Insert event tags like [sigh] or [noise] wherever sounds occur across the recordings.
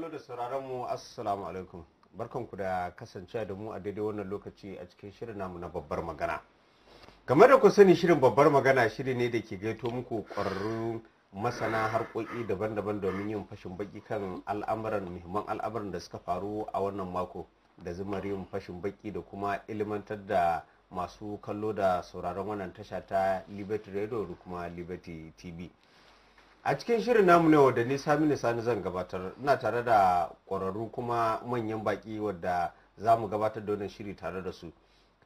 kallo da sauraron mu assalamu alaikum barkan ku da kasancewa da mu a daidai wannan lokaci a cikin shirin namu na babbar magana game da ku sani shirin babbar magana shiri ne da ke gaito muku ƙwararru masana harkoki daban-daban domin yin fashin baki kan al'amuran muhimman al'amuran da suka faru a wannan mako da zumar yin fashin baki da kuma ilimantar da masu kallo da sauraron wannan tasha ta liberty radio da kuma liberty tv a cikin shirin namu ne wadda ni saminu sani zan gabatar ina tare da ƙwararru kuma manyan baƙi wadda za mu gabatar da wannan shiri tare da su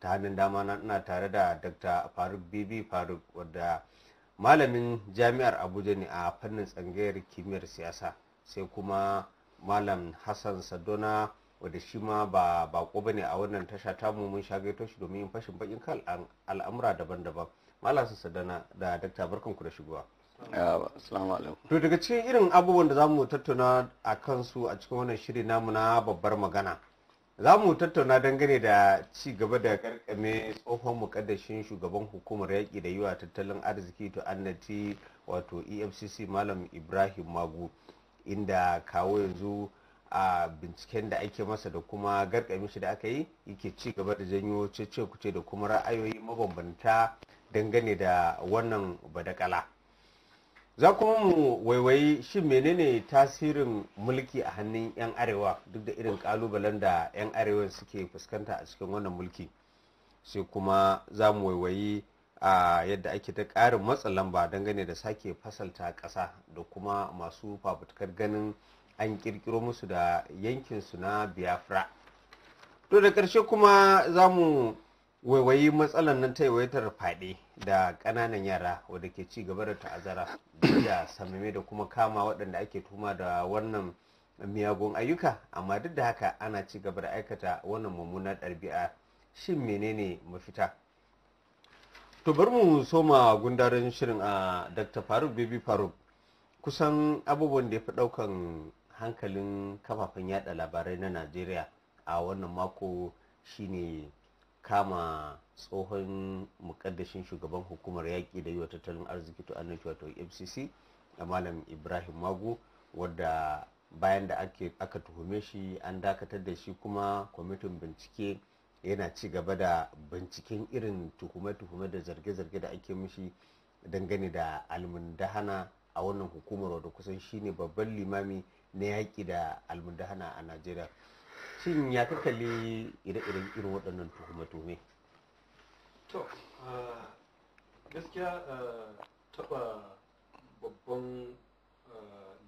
ta hannun dama na ina tare da dr faruk bb faruk wadda malamin jami'ar abuja ne a fannin tsangayar kimiyyar siyasa sai kuma malam hassan sadona wadda shi ma ba bako ba ne a wannan tasha ta, mun shagaito shi domin fashin bakin kan al'amura daban-daban malam sadona da dr barkanku da shigowa to daga cikin irin abubuwan da za mu tattauna a kansu a cikin wannan shiri namu na babbar magana za mu tattauna dangane da ci gaba da karkame tsohon mukaddashin shugaban hukumar yaƙi da yiwa tattalin arziki to annati wato efcc malam ibrahim magu inda kawo yanzu a binciken da ake masa da kuma garkami shi da aka yi yake ci gaba da janyo cece kuce da kuma ra'ayoyi mabambanta dangane da wannan badakala za kuma mu waiwayi shi menene tasirin mulki a hannun 'yan arewa duk da irin kalubalen da 'yan arewa suke fuskanta a cikin wannan mulki sai kuma za mu waiwayi a yadda ake ta ƙarin matsa lamba dangane da sake fasalta ƙasa da kuma masu fafutukar ganin an kirkiro musu da yankinsu na biafra to da ƙarshe kuma za mu waiwayi matsalar nan ta yawaitar fyaɗe da ƙananan yara wadda ke ci gaba da ta'azara da samime da kuma kama waɗanda ake tuma da wannan miyagun ayyuka amma duk da haka ana ci gaba da aikata wannan mummunar ɗarbi'a shin menene mafita to bari mu soma gundarin shirin a dr faruk bibi faruk kusan abubuwan da ya fi ɗaukan hankalin kafafen yada labarai na najeriya a wannan mako shine kama tsohon mukaddashin shugaban hukumar yaƙi da yiwa tattalin arziki to annaci wato fcc a malam ibrahim Magu wadda bayan da aka tuhume shi an dakatar da shi kuma kwamitin bincike yana ci gaba da binciken irin tuhume-tuhume da zarge-zarge da ake mishi dangane da almundahana a wannan hukumar wadda kusan shine babban limami na yaƙi da almundahana a najeriya shin ya ka ire-iren irin waɗannan tuhume-tuhume to gaskiya taɓa babban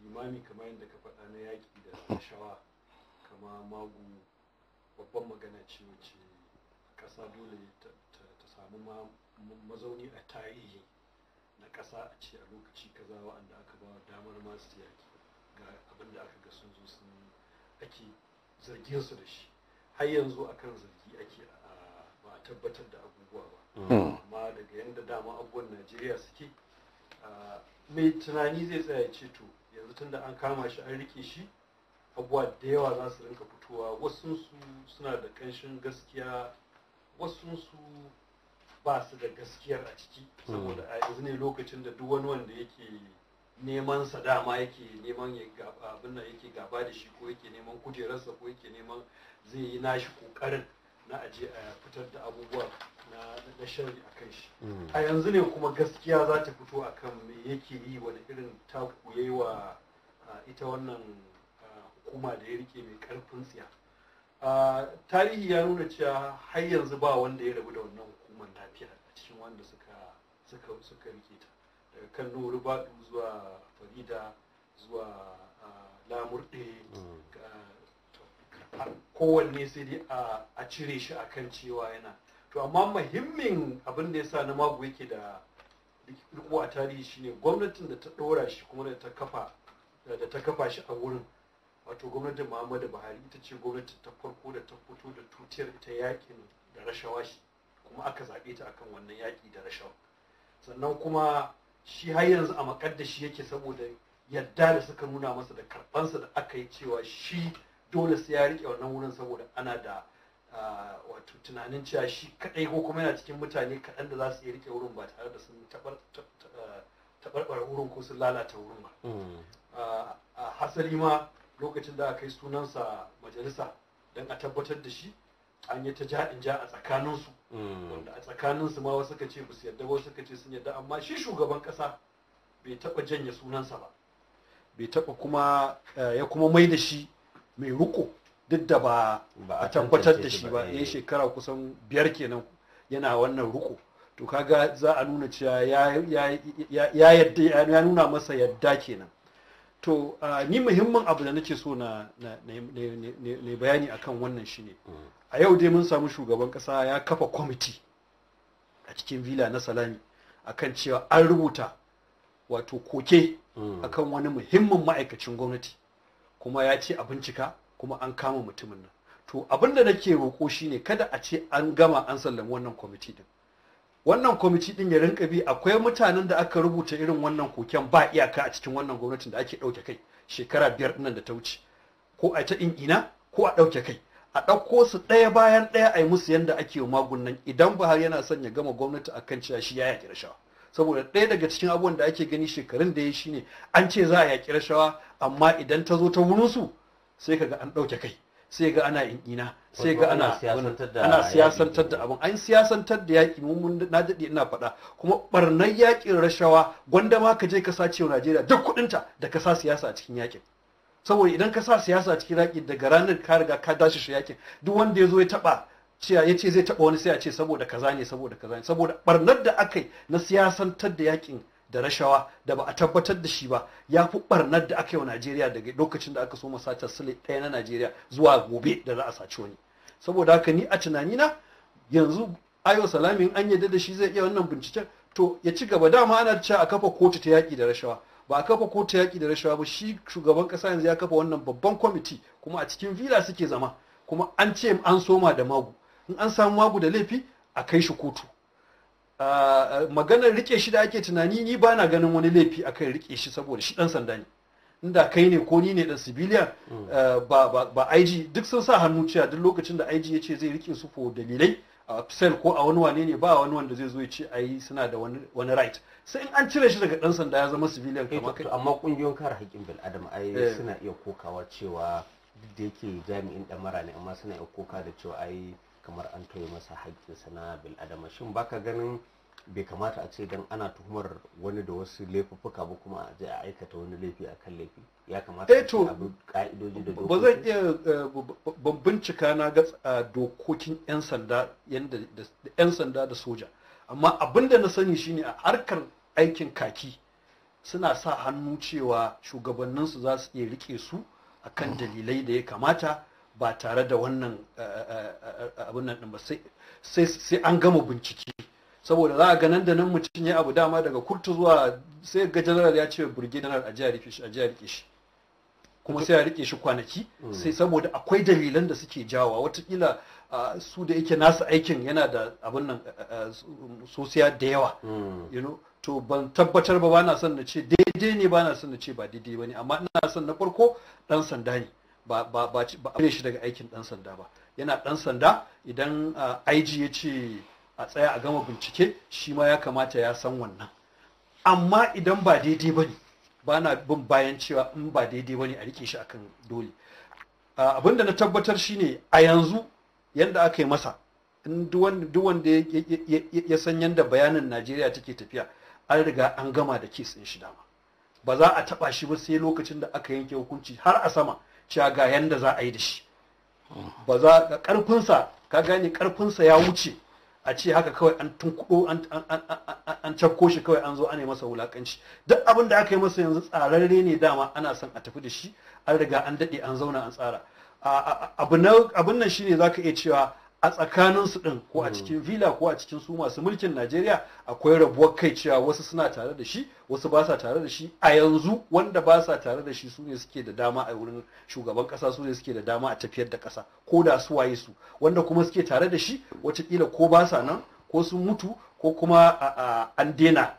limami kamar yadda ka faɗa na yaƙi da shawa, kama magu babban magana ce wacce ƙasa dole ta samu mazauni a tarihi na ƙasa a ce a lokaci kaza wa'anda aka ba damar masu yaƙi ga abinda aka ga sun zo sun ake zargin su da shi har yanzu akan zargi ake ba a tabbatar da abubuwa ba hmm. amma daga yadda dama abubuwan najeriya suke mai tunani zai tsaya ce to yanzu tun da an kama shi an rike shi abubuwa da yawa za su rinka fitowa wasu suna da kanshin gaskiya wasu su ba su da gaskiyar a ciki hmm. saboda a yanzu ne lokacin da duk wani wanda yake neman sa dama yake neman abin nan yake gaba da shi ko yake neman kujerarsa ko yake neman zai yi nashi kokarin na aje a fitar da abubuwa na shari a kan shi hmm. a yanzu ne kuma gaskiya za ta fito akan me yake yi wani irin taku yayi ita wannan hukuma da ya rike mai karfin tsiya tarihi ya nuna cewa har yanzu ba wanda ya rabu da wannan hukumar lafiya a cikin wanda suka rike ta kallo rubadu zuwa farida zuwa lamurɗe mm. kowanne sai dai a cire shi a kan cewa yana to amma muhimmin abin da ya sa na mago yake da riko a tarihi shine gwamnatin da ta ɗora shi kuma da ta kafa da ta kafa shi a wurin wato gwamnatin muhammadu buhari ita ce gwamnatin ta farko da ta fito da tutiyar ta yakin da rashawa shi kuma aka zaɓe ta akan wannan yaƙi da rashawa sannan kuma shi har yanzu a makaddashi yake saboda yadda da suka nuna masa da karbansa da aka yi cewa shi dole sai ya rike wannan wurin saboda ana da wato tunanin cewa shi kadai ko kuma yana cikin mutane kaɗan da za su iya rike wurin ba tare da sun taɓarɓar wurin ko sun lalata wurin ba hmm. A hasali ma lokacin da aka yi sunansa majalisa don a tabbatar da shi an yi ta ja in ja a tsakaninsu mm. wanda a tsakaninsu ma wasu ka ce ba su yarda wasu ka ce sun yadda. amma shi shugaban ƙasa bai taɓa janye sunansa ba bai taɓa kuma eh, ya kuma mai da shi mai ruko duk da ba a tabbatar da shi ba ya eh. shekara kusan biyar kenan yana wannan ruko to kaga za a nuna cewa ya nuna masa yadda kenan to ni muhimmin abu da nake so na bayani akan wannan shine mm. a yau dai mun samu shugaban kasa ya kafa kwamiti a cikin vila na salami akan cewa an rubuta wato koke mm. akan wani muhimmin ma'aikacin gwamnati kuma ya ce a bincika kuma an kama mutumin nan to abin da nake roƙo shine kada a ce an gama an sallami wannan kwamiti din wannan kwamiti din ya rinka bi akwai mutanen da aka rubuta irin wannan koken ba iyaka a cikin wannan gwamnatin da ake ɗauke kai shekara biyar nan da ta wuce ko a ta ina ko a ɗauke kai a ɗauko su ɗaya bayan ɗaya a yi musu yadda ake magunnan idan Buhari yana son ya gama gwamnati a kan cewa shi ya yaƙi rashawa saboda ɗaya daga cikin abubuwan da ake gani shekarun da ya shi ne an ce za a yaƙi rashawa amma idan ta zo ta wurinsu sai ka ga an ɗauke kai sai ga ana yin ina sai ga ana siyasantar da abin an siyasantar da yaƙi mun na daɗe ina faɗa kuma ɓarnar yaƙin rashawa gwanda ma ka je ka sace wa Najeriya duk kuɗinta da ka sa siyasa a cikin yaƙin saboda idan ka sa siyasa a cikin yaƙin daga ranar ka riga ka dashi shi yaƙin duk wanda ya zo ya taɓa cewa ya ce zai taɓa wani sai a ce saboda kaza ne saboda kaza ne saboda ɓarnar da aka yi na siyasantar da yaƙin da rashawa da ba a tabbatar da shi ba ya fi barnar da aka yi wa najeriya daga lokacin da aka so ta sule ɗaya na najeriya zuwa gobe da za a saci wani saboda haka ni a tunani na yanzu ayo salamin an yadda da shi zai iya wannan binciken to ya ci gaba dama ana cewa a kafa kotu ta yaƙi da rashawa ba a kafa kotu yaƙi da rashawa ba shi shugaban ƙasa yanzu ya kafa wannan babban kwamiti kuma a cikin vila suke zama kuma an ce an soma da magu in an samu magu da laifi a kai shi kotu Ah, ah, maganar rike shi da ake tunani ni bana ganin wani laifi a akan rike shi saboda shi dan sanda ne inda kai ne ko ni ne dan civilian mm. ah, ba IG duk sun sa hannu cewa duk lokacin da IG ya ce zai rike su ko dalilai a sel ko a wani wane ne ba wani wanda zai zo ya ce ai suna da wani right sai in an cire shi daga dan sanda ya zama civilian eh, kamar kai amma kungiyoyin kare haƙƙin bil'adama ai eh. suna iya kokawa cewa duk da yake jami'in damara ne amma suna iya koka da cewa ai kamar an toye masa haƙƙinsa na bil'adama shin baka ganin bai kamata a ce dan ana tuhumar wani da wasu laifuffuka ba kuma a je a aikata wani laifi a kan laifi ya kamata eh a ce abu ka'idoji da dokoki ba zan iya eh, ban bincika na ga dokokin yan sanda yanda yan sanda da soja amma abin da na sani shine a harkar aikin kaki suna sa hannu cewa shugabanninsu za su iya rike su akan dalilai da ya kamata ba tare da wannan eh, eh, eh, abin nan ba sai an gama bincike saboda za a ganin da nan mutum ya abu dama daga kurtu zuwa sai ga general ya ce burge general a jiya rike shi a jiya rike shi kuma sai a rike shi kwanaki mm. sai saboda akwai dalilan da suke jawa watakila su da yake nasa aikin yana da abin nan sosiya da yawa mm. to ban tabbatar ba na son na ce daidai ne ba na son na ce ba daidai ba ne amma ina son na farko dan sanda ne ba ba ba shi daga aikin dan sanda ba yana ɗan sanda idan IG ya ce a tsaya a gama bincike shi ma ya kamata ya san wannan amma idan ba daidai ba ne ba na bin bayan cewa in ba daidai ba ne a rike shi akan dole abin na tabbatar shine a yanzu yadda aka yi masa in duk wanda ya san yadda bayanin najeriya take tafiya an riga an gama da kes ɗin shi dama ba za a taɓa shi ba sai lokacin da aka yanke hukunci har a sama cewa ga za a yi da shi ba za ka karfinsa ka gani karfinsa ya wuce a ce haka kawai an tunkuɗo an cakko shi kawai an zo ana masa wulakanci duk abin da aka yi masa yanzu tsararre ne dama ana son a tafi da shi an riga an daɗe an zauna an tsara abin nan shine za ka iya cewa a tsakaninsu ɗin ko a hmm. cikin villa ko a cikin su masu mulkin najeriya akwai rabuwar kai cewa wasu suna tare da shi wasu ba sa tare da shi a yanzu wanda ba sa tare da shi su suke da dama a wurin shugaban ƙasa su ne suke da dama a tafiyar da ƙasa ko da su waye su wanda kuma suke tare da shi watakila ko ba sa nan ko sun mutu ko kuma an daina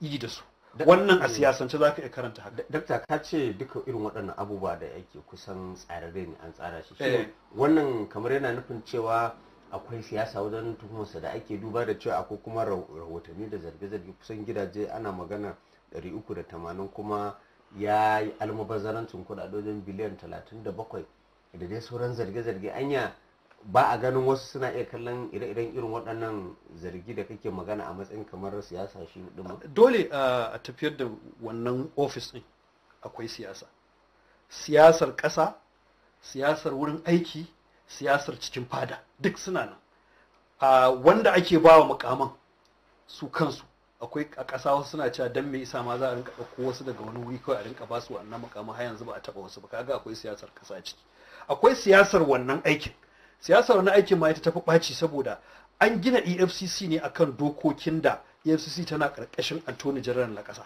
yi da su wannan a hmm. siyasance za ka iya karanta haka dakta ka ce duka irin waɗannan abubuwa da yake kusan tsararre ne an tsara shi eh. wannan kamar yana nufin cewa akwai siyasa wajen tuhumarsa da ake duba da cewa akwai kuma rahotanni da zarge-zarge kusan gidaje ana magana tamanin kuma ya yi kuɗaɗe kudaden biliyan 37 da dai sauran zarge-zarge anya ba a ganin wasu suna iya kallon ire-iren irin waɗannan zargi da kake magana a matsayin kamar siyasa shi ɗuma? dole uh, a tafiyar da wannan ofis ɗin akwai siyasa siyasar ƙasa siyasar wurin aiki siyasar cikin fada duk suna nan a wanda ake ba wa mukaman su kansu akwai a ƙasa wasu suna cewa dan mai isa ma za a rinka ɗauko wasu daga wani wuri kawai a rinka ba su wannan mukaman har yanzu ba a taɓa wasu ba kaga akwai siyasar ƙasa ciki akwai siyasar wannan aikin siyasar wani aikin ma ita tafi ɓaci saboda an gina efcc ne akan dokokin da efcc tana ƙarƙashin antoni general na ƙasa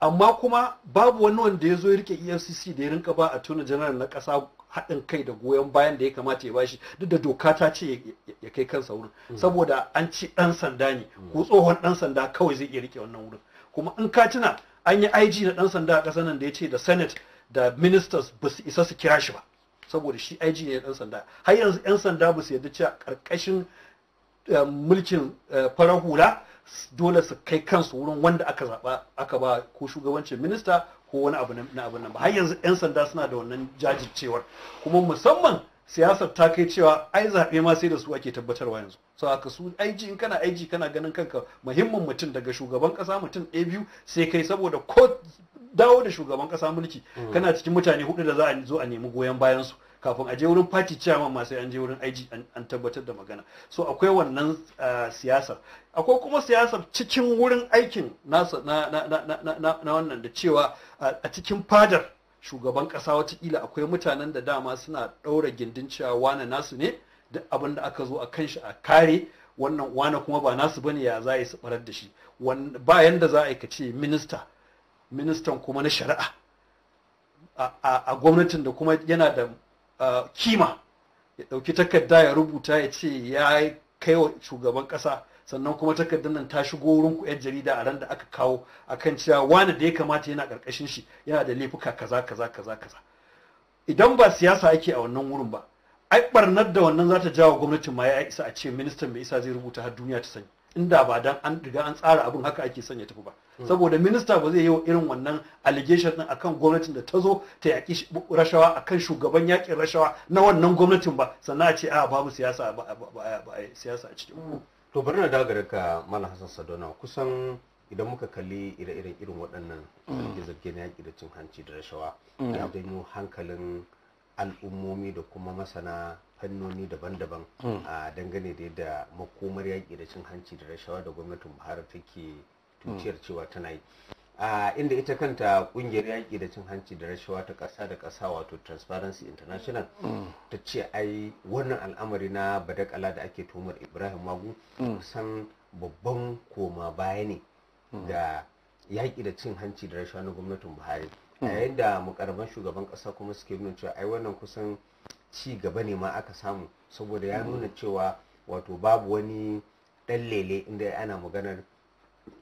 amma kuma babu wani wanda ya zo ya rike efcc da ya rinka ba antoni general na ƙasa haɗin kai da goyon bayan da ya kamata ya bashi duk da doka ta ce ya kai kansa wurin saboda an ci ɗan sanda ne ko tsohon ɗan sanda kawai zai iya rike wannan wurin kuma in ka tuna an yi IG na ɗan sanda a ƙasa nan da ya ce da Senate da ministers ba su isa su kira shi ba. saboda shi aiji ne ɗan sanda har yanzu 'yan sanda ba su yarda cewa ƙarƙashin eh, mulkin eh, farar hula dole su kai kansu wurin wanda aka zaɓa aka ba ko shugabancin minista ko wani abu na abin nan ba har yanzu 'yan sanda suna da wannan jajircewar kuma musamman siyasar ta kai cewa ai zaɓe ma sai da su ake tabbatarwa yanzu so haka su aiji in kana aiji kana ganin kanka muhimmin mutum daga shugaban ƙasa mutum ɗaya biyu sai kai saboda ko dawo da shugaban kasa mulki mm. kana cikin mutane hudu da za a zo a nemi goyon bayan su kafin a je wurin party chairman ma sai an je wurin IG an tabbatar da magana so akwai wannan uh, siyasar akwai kuma siyasar cikin wurin aikin nasa na wannan da cewa uh, a cikin fadar shugaban kasa watakila akwai mutanen da dama suna ɗaura gindin cewa wane nasu ne duk abin da aka zo a kan shi a kare wannan wane kuma ba nasu bane ya za su barar da shi ba yanda za a yi ka ce minista ministan kuma na shari'a a gwamnatin da kuma yana da kima ya ɗauki takarda ya rubuta ya ce ya kai wa shugaban ƙasa sannan kuma takardar nan ta shigo wurin ku 'yan jarida a ran da aka kawo akan cewa wani da ya kamata yana ƙarƙashin shi yana da laifuka kaza kaza kaza kaza idan ba siyasa ake a wannan wurin ba ai barnar da wannan za ta jawo gwamnatin ma ya isa a ce ministan mai isa zai rubuta har duniya ta sani inda ba dan an riga an tsara abin haka ake sanya ya tafi ba hmm. saboda minista ba zai yi irin wannan allegation din akan gwamnatin da ta zo ta yaki rashawa akan shugaban yakin rashawa na wannan gwamnatin ba sannan a ce a ah, babu siyasa ba eh, siyasa a cikin hmm. to bari na dawo ka mala hassan sadona kusan idan muka kalli ire-iren irin waɗannan hmm. zarge-zarge na yaƙi da cin hanci da rashawa ya janyo hankalin al'ummomi da kuma masana fannoni daban-daban hmm. a dangane da yadda makomar yaƙi da cin hanci da rashawa da gwamnatin buhari take tuciyar hmm. cewa tana yi a inda ita kanta ƙungiyar yaƙi da cin hanci da rashawa ta ƙasa da ƙasa wato transparency international hmm. ta ce ai wannan al'amari na badakala da ake tuhumar ibrahim magu kusan babban koma baya ne Da yaƙi da cin hanci da rashawa na gwamnatin buhari a yayin da mukarraban shugaban ƙasa kuma suke nuna cewa ai wannan kusan ci gaba ne ma aka samu saboda ya mm. nuna cewa wato babu wani ɗan lele inda ana maganar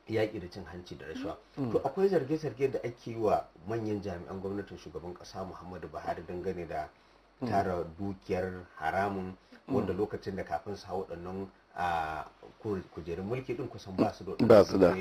yaƙi da cin hanci da rashawa mm. to akwai zarge-zarge da ake yi wa manyan jami'an gwamnatin shugaban ƙasa muhammadu buhari dangane da mm. tara dukiyar haramun wanda lokacin da kafin su hau waɗannan a kujerun mulki din kusan ba su da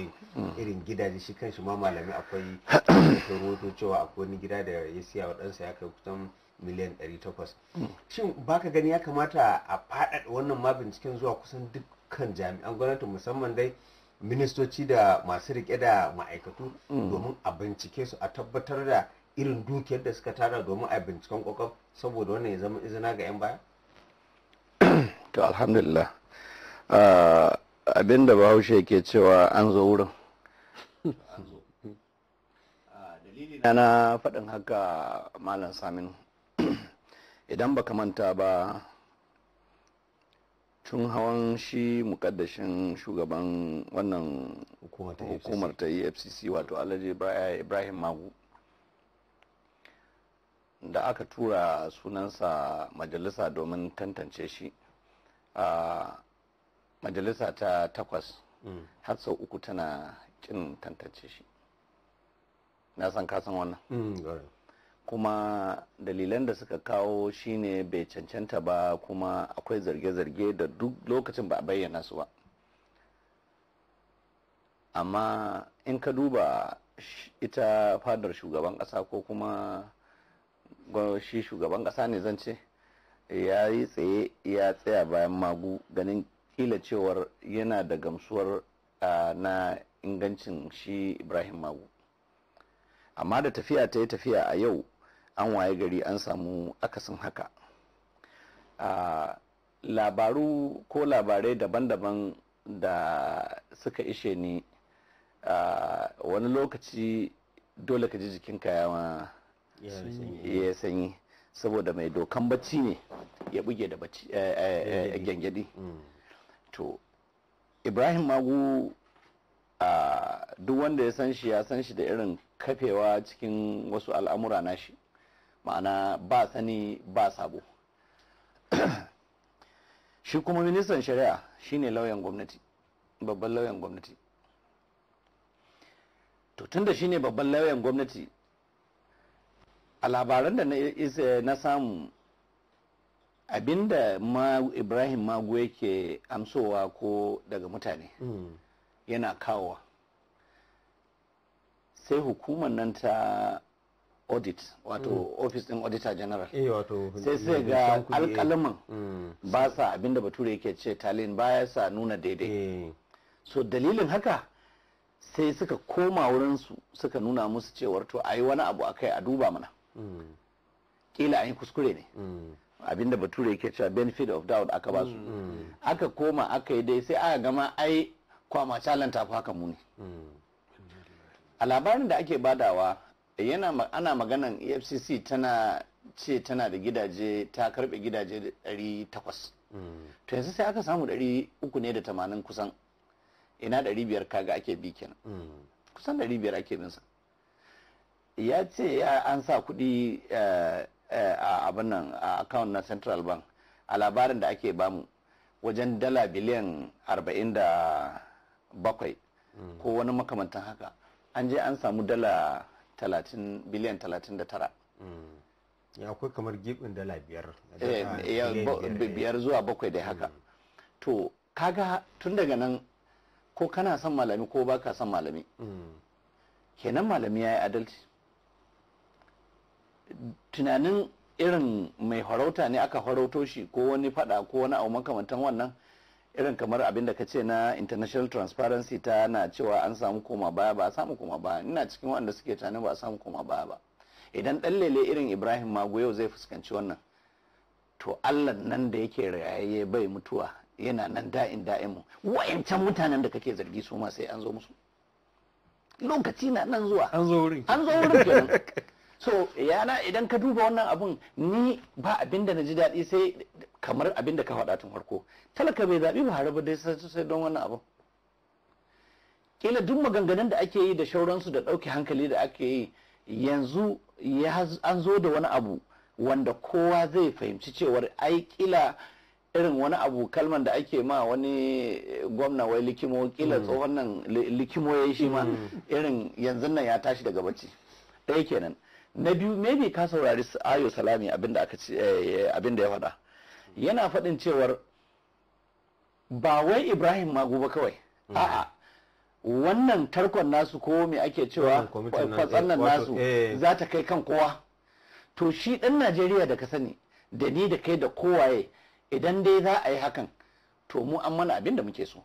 irin gidaje shi kan shi ma malami akwai [coughs] rahoto cewa akwai wani gida da ya siya wa ɗansa ya kai kusan miliyan 800 hmm. shin baka gani ya kamata a faɗaɗa wannan ma binciken zuwa kusan dukkan jami'an gwamnati musamman dai ministoci da masu rike da ma'aikatu hmm. domin a bincike su a tabbatar da irin dukiyar da suka tara domin a binciken kwakwam saboda wannan ya zama izina ga 'yan baya? [coughs] to alhamdulillah ah, abin bahaushe ke cewa an zo wurin hmm. ah, dalilina na faɗin haka malam Saminu. idan baka manta ba tun hawan shi mukaddashin shugaban wannan hukumar ta efcc wato alhaji ibrahim magu da aka tura sunansa majalisa domin tantance shi a majalisa ta takwas mm. har sau uku tana kin tantance shi na san kasan wannan mm, kuma dalilan da suka kawo shine bai cancanta ba kuma akwai zarge-zarge da duk lokacin ba a bayyana su ba amma in ka duba ita fadar shugaban kasa ko kuma shi shugaban ƙasa ne zan ce ya yi tsaye ya tsaya bayan magu ganin kila cewar yana da gamsuwar na ingancin shi ibrahim magu amma da tafiya ta yi tafiya a yau an waye gari an samu akasin haka a labaru ko labarai daban-daban da suka ishe ni a wani lokaci dole ka ji jikin yawa ya sanyi saboda mai dokan bacci ne ya buge da bacci eh, eh, eh, gyangyadi mm. to ibrahim magu duk wanda ya san shi ya san shi da irin kafewa cikin wasu al'amura na nashi ma'ana ba sani ba sabo [clears throat] shi kuma ministan shari'a shine lauyan gwamnati babban lauyan gwamnati to tunda shine babban lauyan gwamnati a labaran da na samu abinda ma ibrahim magu yake amsowa ko daga mutane hmm. yana kawowa sai hukumar nan ta audit wato hmm. ofis office din auditor general eh, sai sai ga eh. alkalaman hmm. ba sa abinda bature yake ce talin baya sa nuna daidai eh. so dalilin haka sai suka koma wurin su suka nuna musu cewar to a yi wani abu akai a duba mana hmm. kila an yi kuskure ne abinda bature yake cewa benefit of doubt aka ba su aka koma aka yi dai sai aka gama ai kwama ta ku haka muni a labarin da ake badawa yana ana maganan efcc tana ce tana da gidaje ta karbe gidaje 800 to yanzu sai aka samu 300 ne da 80 kusan ina 500 kaga ake bi kenan kusan 500 ake binsa ya ce ya an sa kudi eh, eh, a abin nan a account na central bank a labarin da ake bamu wajen dala biliyan 47 ko wani makamantan haka an je an samu dala biliyan 39 mm. ya akwai kamar gibin dala biyar eh, biyar zuwa bakwai da haka mm. to kaga tun daga nan ko kana son malami ko baka son malami mm. kenan malami ya yi adalci tunanin irin mai farauta ne aka farauto shi ko wani fada ko wani abu makamantan wannan irin kamar abin da ka ce na international transparency ta na cewa an samu koma baya ba a samu koma baya ina cikin wanda suke tunanin ba a samu koma baya ba idan dan lele irin ibrahim mago yau zai fuskanci wannan to allah nan da yake rayaye bai mutuwa yana nan da'in da'in mu wayancan mutanen da kake zargi su ma sai an zo musu lokaci na nan zuwa an zo wurin an zo wurin kenan [laughs] so yana idan ka duba wannan abun ni ba abin da na ji daɗi sai kamar abin da ka faɗa tun farko talaka bai zaɓi ba ba dai sai don wannan abun kila duk maganganun da ake yi da shauransu da ɗauke hankali da ake yi yanzu an zo da wani abu wanda kowa zai fahimci cewar ai kila irin wani abu kalman da ake ma wani eh, gwamna wai likimo kila mm. tsohon nan likimo ya yi shi ma mm. irin yanzu nan ya tashi daga bacci ɗaya kenan na biyu maybe ka saurari ayo salami abinda aka eh, ya faɗa yana faɗin cewar ba wai ibrahim magu ba kawai mm. a'a wannan tarkon nasu ko me ake cewa fatsannan nasu eh. za ta kai kan kowa to shi ɗan najeriya da ka sani da ni da kai da kowaye idan dai za a yi hakan to mu an mana abin da muke so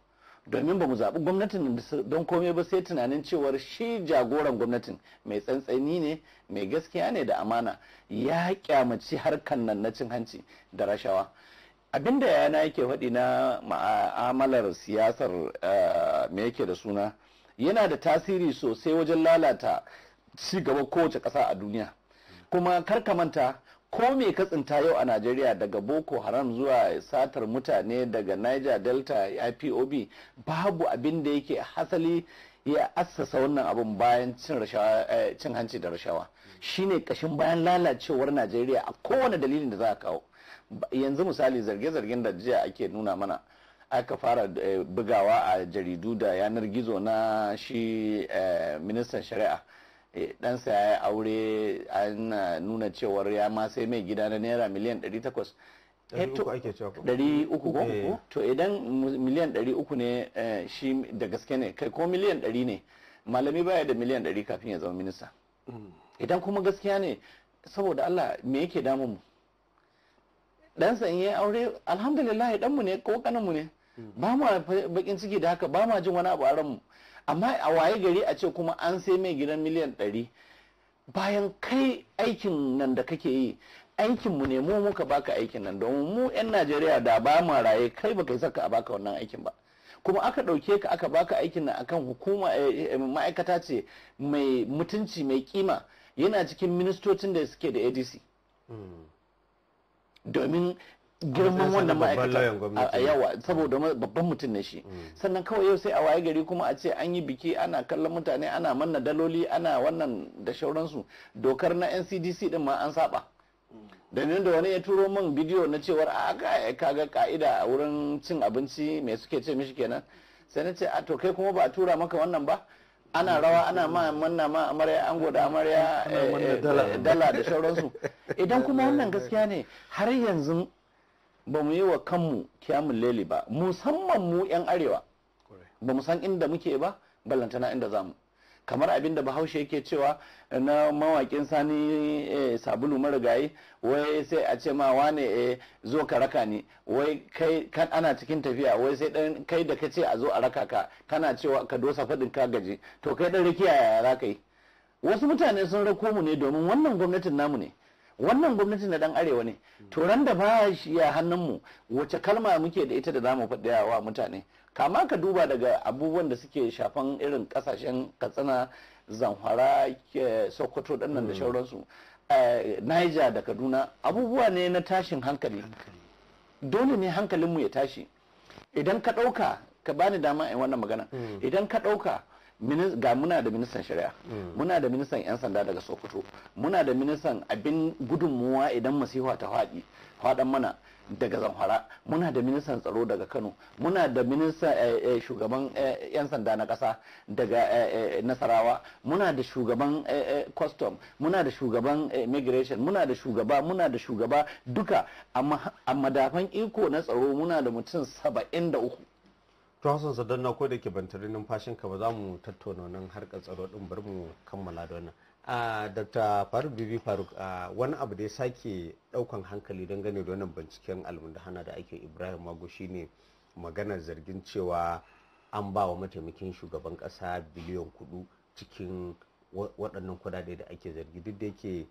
domin ba mu zaɓi gwamnatin don komai ba sai tunanin cewar shi jagoran gwamnatin mai tsantsani ne mai gaskiya ne da amana ya kyamaci harkan nan na cin hanci da rashawa abinda yana yake faɗi na ma'amalar siyasar eh, me yake da suna yana da tasiri sosai wajen lalata ci gaba kowace ƙasa a duniya kuma kar ka manta ko me ka tsinta yau a najeriya daga boko haram zuwa satar mutane daga niger delta ipob babu abin da yake hasali ya assasa wannan abin bayan eh, cin hanci da rashawa shine kashin bayan lalacewar najeriya a kowane dalilin da za a kawo yanzu misali zarge-zargen da jiya ake nuna mana aka fara eh, bugawa a jaridu da yanar gizo na shi eh, ministan shari'a Eh, ɗansa ya yi aure an nuna cewar ya ma sai mai gida na naira miliyan 800 eh, ɗari uku ko eh. to idan miliyan ɗari uku ne shi da gaske ne kai ko miliyan ɗari ne malami baya da miliyan ɗari kafin ya zama minista mm. idan kuma gaskiya ne saboda Allah me yake damu mu dan in yi aure alhamdulillah danmu ne ko mu ne mm. ba mu bakin ciki da haka ba ma jin wani abu a ranmu amma a waye gari a ce kuma an sai mai gidan miliyan ɗari bayan kai aikin nan da kake yi aikin mu ne mu muka baka aikin nan domin mu 'yan najeriya da ba ma raye kai baka saka a baka wannan aikin ba kuma aka ɗauke ka aka baka aikin nan akan hukuma eh, eh, ma'aikata ce mai mutunci mai kima yana cikin ministocin da suke da adc hmm. domin girman wannan ma'aikata a yawa saboda babban mutum ne shi mm. sannan kawai yau sai a waye gari kuma a ce an yi biki ana kallon mutane ana manna daloli ana wannan da shauransu dokar na ncdc din ma an saba mm. da da wani ya turo min bidiyo na cewar a ga ka'ida a wurin cin abinci mai suke ce mishi kenan sai na ce a to kai kuma ba a tura maka wannan ba ana rawa ana ma manna ma amarya ango da amarya eh, eh, dala da shauransu [laughs] idan kuma wannan gaskiya ne har yanzu ba mu yi wa kanmu kyamun leli ba musamman mu 'yan arewa ba san inda muke ba ballantana inda za mu kamar abin da bahaushe yake cewa na mawakin sani eh, sabulu marigayi wai sai a ce ma wane e, zo ka raka ni wai kai kan ana cikin tafiya wai sai dan kai da ka ce a zo a raka ka kana cewa ka dosa fadin ka gaji to kai dan rikiya ya raka yi wasu mutane sun rako mu ne domin wannan gwamnatin namu ne wannan gwamnati na dan arewa ne to ran da ba shi ya hannunmu wace kalma muke da ita da zamu faɗa wa mutane kama ka duba daga abubuwan da suke shafan irin kasashen katsina zamfara eh, sokoto dan nan da mm. shauransu eh, niger da kaduna abubuwa ne na tashin hankali dole ne hankalinmu ya tashi idan ka ɗauka ka bani dama in wannan magana mm. idan ka ɗauka ga muna da ministan shari'a hmm. muna da ministan 'yan sanda daga sokoto muna da ministan abin gudunmuwa idan masifa ta haɗi haɗan mana daga zamfara muna da ministan tsaro daga kano muna da ministan eh, eh, shugaban 'yan eh, sanda na ƙasa daga nasarawa muna da shugaban custom muna da shugaban immigration muna da shugaba muna da shugaba duka a madafan iko na tsaro muna da mutum saba'in da uku to hasan na ko da ke bantare numfashin ka ba za mu tattauna nan harkar tsaro din bar mu kammala da wannan dr faruk bibi faruk wani abu da ya sake daukan hankali don gane da wannan binciken almundahana da ake ibrahim mago shine maganar zargin cewa an ba wa mataimakin shugaban kasa biliyan kudu cikin waɗannan kudade da ake zargi duk da yake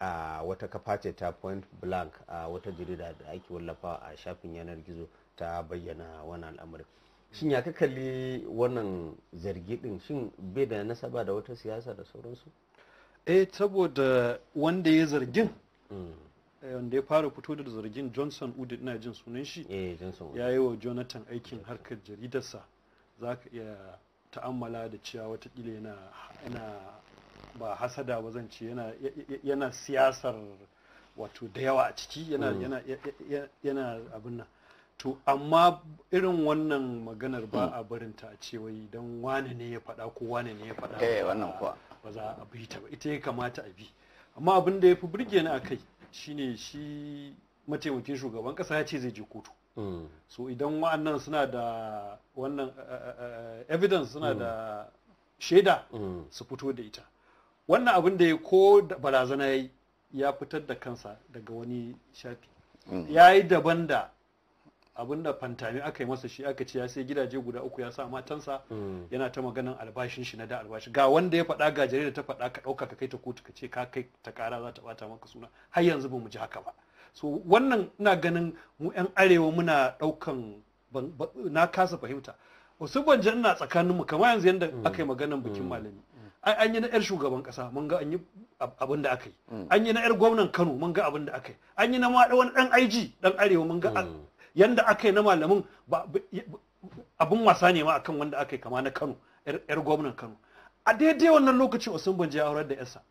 a wata kafa ce ta point blank a wata jarida da ake wallafa a shafin yanar gizo ta bayyana wani al'amarin shin ya ka kalli wannan zargi din shin bai da nasaba da wata siyasa da sauransu eh saboda wanda ya zargin mm. eh, wanda ya fara fito da zargin johnson udit na jin sunan shi eh, ya yi wa jonathan aikin harkar jaridarsa za ka iya ta'ammala da cewa watakila yana ba hasada ba zan yana siyasar wato da yawa a ciki yana mm. abin nan to amma irin wannan maganar ba a barinta a ce wai don wane ne ya faɗa ko wane ne ya faɗa eh wannan kuwa ba za a bi ta ba ita ya kamata a bi amma abin da ya fi burge ni a kai shine shi mataimakin shugaban ƙasa ya ce zai je kotu mm. so idan wa'annan suna da wannan eh, eh, eh, evidence suna mm. da shaida mm. su fito da ita wannan abin da ya ko barazana ya fitar da kansa daga wani shafi ya yi daban da Abin da fantami aka yi masa shi aka ce ya sai gidaje guda uku ya sa matansa hmm. yana ta maganan albashin shi na da albashi ga wanda ya faɗa ga jarida ta faɗa ka ɗauka ka kai ta kotu ka ce ka kai ta ƙara za ta ɓata maka suna har yanzu ba mu ji haka ba so wannan ina ganin mu 'yan arewa muna ɗaukan na kasa fahimta wasu ban ina tsakanin mu kamar yanzu yadda hmm. aka yi maganan bikin hmm. malami an yi na 'yar shugaban kasa mun ga an yi abin da aka yi an yi na 'yar gwamnan kano mun ga abin da aka yi an yi na ma wani dan IG dan arewa mun ga yanda aka yi na malamin abin wasa ne ma akan wanda aka yi kama na kano yar gwamnan kano a daidai wannan lokacin osun ya horar da yasa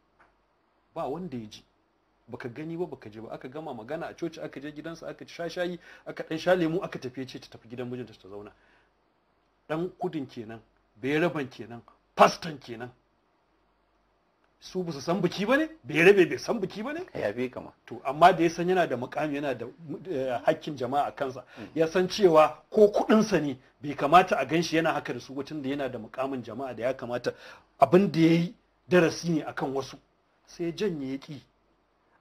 ba wanda ya ji baka gani ba baka je ba aka gama magana a coci aka je gidansa aka sha shayi aka dan sha lemu aka tafi ce ta tafi gidan mijinta ta zauna dan kudin kenan bai kenan fastan kenan su ba san biki ba ne bai rabe bai san biki ba eh, ya fi kama to amma da ya san yana da mukami yana da eh, hakkin jama'a a kansa mm. ya san cewa ko kuɗinsa ne bai kamata a ganshi yana haka da su wucin da yana da mukamin jama'a da ya kamata abin da ya yi darasi ne akan wasu sai janye ya ki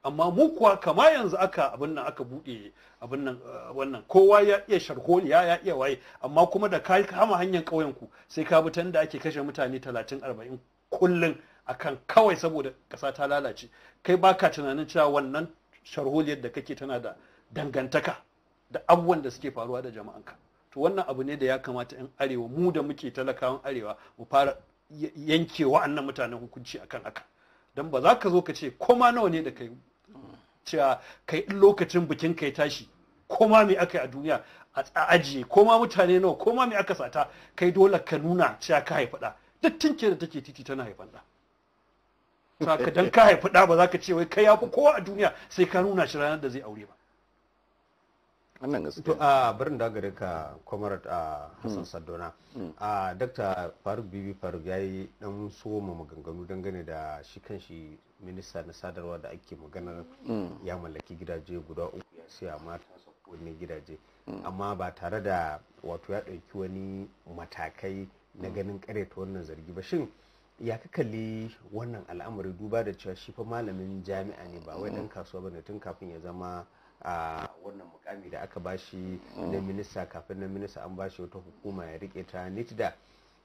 amma mu kuwa kama yanzu aka abin nan aka buɗe abin nan eh, wannan kowa ya iya sharholiya ya ya iya waye amma kuma da ka kama hanyar ƙauyenku, ku sai ka bi da ake kashe mutane talatin arba'in kullum akan kawai saboda ƙasa ta lalace kai ba ka tunanin cewa wannan sharholiyar da kake tana da dangantaka da abubuwan da suke faruwa da jama'anka to wannan abu ne da ya kamata 'yan arewa mu da muke talakawan arewa mu fara yanke wa'annan mutanen hukunci akan haka don ba za ka zo ka ce koma nawa ne da kai cewa kai in lokacin bikin kai tashi koma me aka yi a duniya a ajiye koma mutane nawa koma me aka sata kai dole ka nuna cewa ka haifa da duk tinke da take titi tana haifan da saka dan ka haifi ɗa ba za ka ce wai kai yafi kowa a duniya sai ka nuna shi ranar da zai aure ba wannan gaskiya to a barin da gare ka comrade a Hassan hmm. Saddona hmm. a Dr. Faruk Bibi Faruk yayi dan soma maganganu dangane da shi kanshi minista na sadarwa da ake maganar hmm. ya mallaki gidaje guda uku ya siya mata wani gidaje amma ba tare da wato ya ɗauki wani matakai na ganin ta wannan zargi ba shin ya ka kalli wannan al'amari duba da cewa shi fa malamin jami'a ne ba wai dan kasuwa bane tun kafin ya zama a wannan mukami da aka bashi na minista kafin na minista an bashi wata hukuma ya rike ta nitida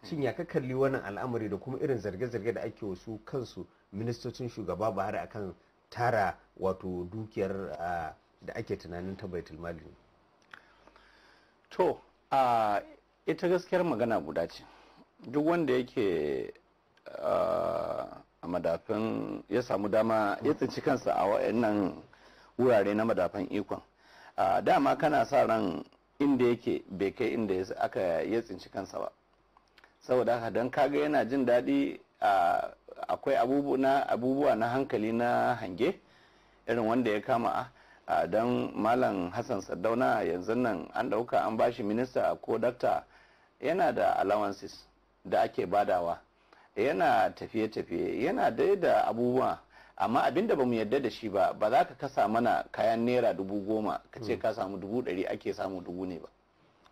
shin ya ka kalli wannan al'amari da kuma irin zarge-zarge da ake wasu kansu ministocin shugaba buhari akan tara wato dukiyar da ake tunanin ta baitul mali to ita gaskiyar magana guda ce duk wanda yake a madafin ya samu dama ya tsinci kansa a wayannan wurare na madafan ikon dama kana sa ran inda yake bai kai inda aka ya tsinci kansa ba saboda haka don kaga yana jin daɗi akwai abubuwa na hankali na hange irin wanda ya kama a don malam hassan saddauna yanzu nan an ɗauka an bashi minista ko dakta yana da allowances da ake badawa yana tafiye-tafiye yana da abubuwa amma abinda ba mu yarda da shi ba ba za ka kasa mana kayan naira dubu goma ka ce ka samu dubu ɗari ake samu dubu ne ba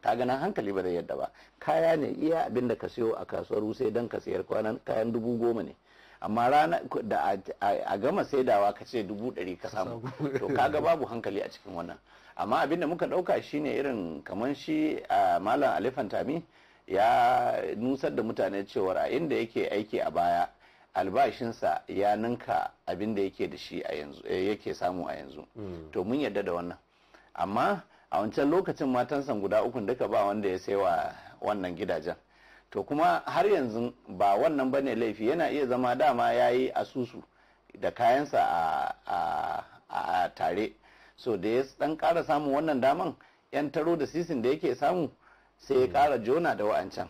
ka gana hankali ba zai yarda ba kaya ne iya abinda ka siyo a kasuwar wuse don ka siyar kwanan kayan dubu goma ne amma rana da a gama saidawa ka ce dubu ɗari ka samu to kaga babu hankali a cikin wannan amma abinda muka ɗauka shine irin kamar shi a malam alifan tami ya nusar da mutane cewar a inda yake aiki a baya albashinsa ya ninka abin da yake da shi a yanzu eh, yake samu a yanzu hmm. to mun yadda da wannan amma a wancan lokacin matan san guda uku duka ba wanda ya saiwa wannan gidajen to kuma har yanzu ba wannan bane laifi yana iya zama dama ya yi asusu da kayansa a, a, a tare so da ya dan kara samun wannan daman 'yan taro da sisin da yake samu sai ya kara hmm. jona da wa'ancan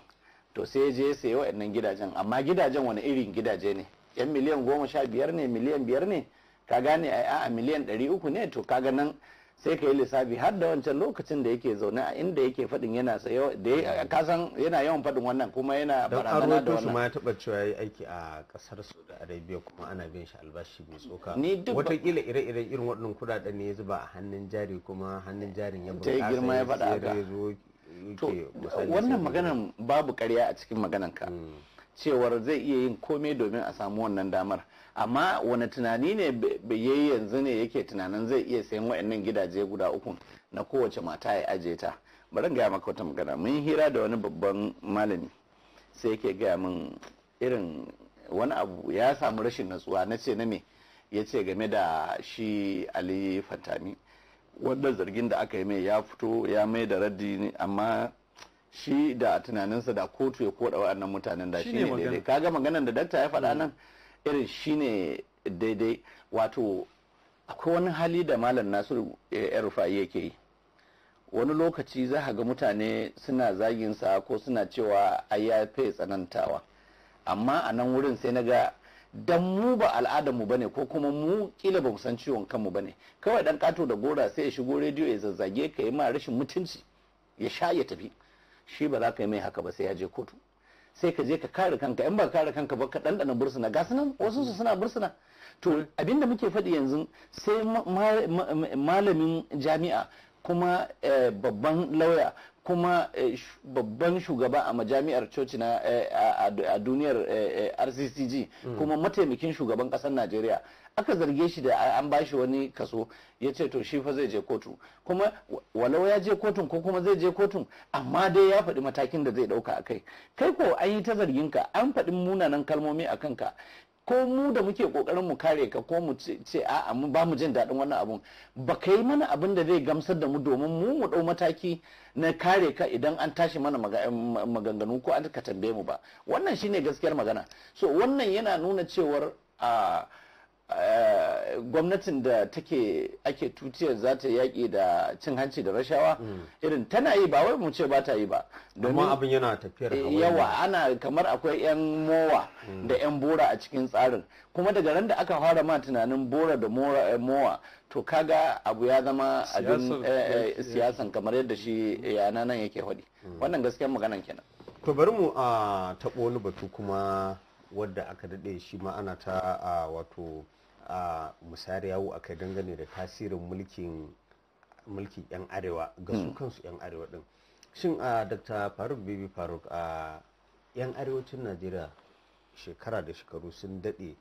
to sai ya je sayi wa'annan gidajen amma gidajen wani irin gidaje ne yan miliyan goma sha biyar ne miliyan biyar ne ka gane a a miliyan ɗari uku ne to kaga nan sai ka yi lissafi har da wancan lokacin da yake zaune a inda yake faɗin yana sayo da hmm. ka san yana yawan faɗin wannan kuma yana barazana da wannan. ma ya taɓa cewa ya aiki a ƙasar da Arabia kuma ana bin shi albashi mai tsoka. watakila ire-iren irin waɗannan kuɗaɗen ne ya zuba a hannun jari kuma hannun jarin ya bunƙasa ya zo wannan maganan babu karya a cikin maganan ka cewar zai iya yin komai domin a samu wannan damar amma wani tunani ne bai yanzu ne yake tunanin zai iya sayan wa'annan gidaje guda uku na kowace mata ya aje ta bari gaya maka wata magana mun hira da wani babban malami sai yake gaya min irin wani abu ya samu rashin natsuwa na ce na me ya ce game da shi ali fantami wannan zargin da aka yi mai ya fito ya mai da raddi ne amma shi da tunaninsa da kotu ya koda wa'annan mutanen da shi ne daidai kaga maganan da dakta ya faɗa mm. nan irin shi ne daidai wato akwai wani hali da malam nasiru ya eh, rufa'i yake yi wani lokaci za ga mutane suna zaginsa ko suna cewa ai ya tsanantawa amma a nan wurin sai na ga dan mu ba al'adarmu ba ne ko kuma mu kila ba san ciwon kanmu ba kawai dan kato da gora sai ya shigo rediyo ya zazzage ka yi ma rashin mutunci ya sha ya tafi shi ba za ka yi mai haka ba sai ya je kotu sai ka je ka kare kanka in ba kare kanka ba ka dandana bursuna ga sunan wasu su suna bursuna to abinda muke faɗi yanzu sai malamin jami'a kuma eh, babban lauya kuma eh, babban shugaba a majami'ar coci na eh, a duniyar eh, rccg mm. kuma mataimakin shugaban kasar najeriya aka zarge shi da an ba shi wani kaso ya ce to shi fa zai je kotu kuma walau ya je kotun ko kuma zai je kotun amma dai ya faɗi matakin da zai ɗauka a kai kai ko an yi ta zargin ka an faɗi munanan kalmomi a kanka ko mu da muke kokarin mu kare ka ko mu ce a'a mu ba mu jin daɗin wannan abun ba ka yi mana abin da zai gamsar da mu domin mu mu ɗau mataki na kare ka idan an tashi mana eh, maganganu ko an ka tambaye mu ba wannan shine gaskiyar magana so wannan yana nuna cewar a ah, Eh, gwamnatin da take ake tutiyar za ta yaƙi da cin hanci da rashawa hmm. irin tana yi ba wai mu ce ba ta yi ba domin abin yana tafiyar yawa ana kamar akwai 'yan mowa hmm. da 'yan bora a cikin tsarin kuma daga ran da aka fara ma tunanin bora da eh, mowa to kaga abu ya zama abin eh, siyasan kamar yadda shi yana nan yake faɗi hmm. wannan gaskiyar maganan kenan to bari mu a ah, taɓo wani batu kuma wadda aka daɗe shi ma ana ta ah, wato a misali yawo a dangane da tasirin mulkin 'yan arewa ga su hmm. kansu 'yan arewa din shin a dr faruk bibi faruk a 'yan arewacin najeriya shekara da shekaru sun daɗe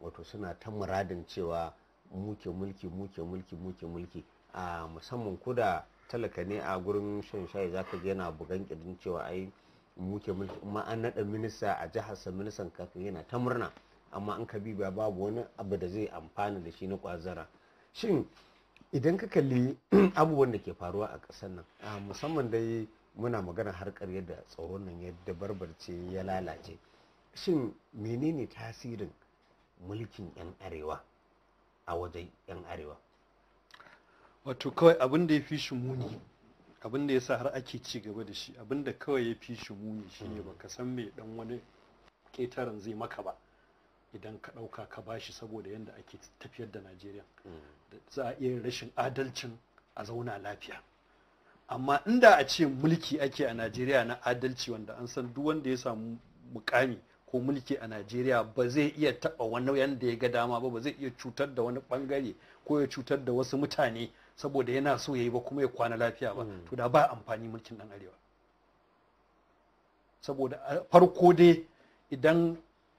wato suna ta muradin cewa muke mulki muke mulki muke mulki a musamman kuda talaka ne a gurin shan shayi zaka ga yana bugan kirin cewa ai muke mulki ma an naɗa minista a jihar sa ministan kafin yana ta murna amma an ka bibiya babu wani abu da zai amfana da shi na kwazara shin idan ka kalli [clears throat] abubuwan da ke faruwa a ƙasar nan musamman dai muna magana harkar yadda tsoron nan yadda barbarce ya lalace shin menene tasirin mulkin 'yan arewa a wajen 'yan arewa wato kawai abin da ya fi shi muni abin da ya sa har ake ci gaba da shi abin da kawai ya fi shi muni shi shine baka san mai dan wani ketaren zai maka ba idan ka ɗauka ka bashi saboda yadda ake tafiyar da najeriya za a iya rashin adalcin a zauna lafiya amma inda a ce mulki ake a najeriya na adalci wanda an san duk wanda ya samu mukami ko mulki a najeriya ba zai iya taɓa wani yadda ya ga dama ba ba zai iya cutar da wani ɓangare ko ya cutar da wasu mutane saboda yana so ya yi ba kuma ya kwana lafiya ba hmm. to da ba amfani mulkin ɗan arewa saboda farko dai idan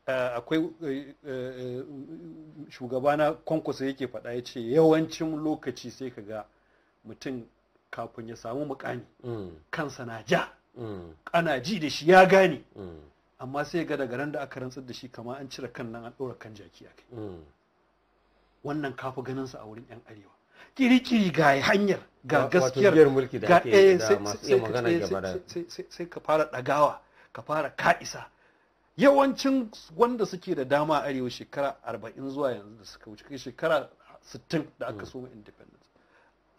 Eh, akwai eh, eh, shugaba na kwankwasa yake faɗa ya ce yawancin lokaci sai ka ga mutum kafin ya samu mukami mm. kansa na ja mm. ana ji da shi ya gane mm. amma sai ga daga ran da aka rantsar da shi kama an cire kan nan an ɗora kan jaki a kai wannan kafa ganin sa a wurin yan arewa kirikiri ga hanyar ga gaskiyar ga sai ka fara ɗagawa ka fara ka'isa yawancin wanda suke da dama arewa shekara 40 zuwa yanzu da suka wuce kai shekara 60 da aka hmm. soma independence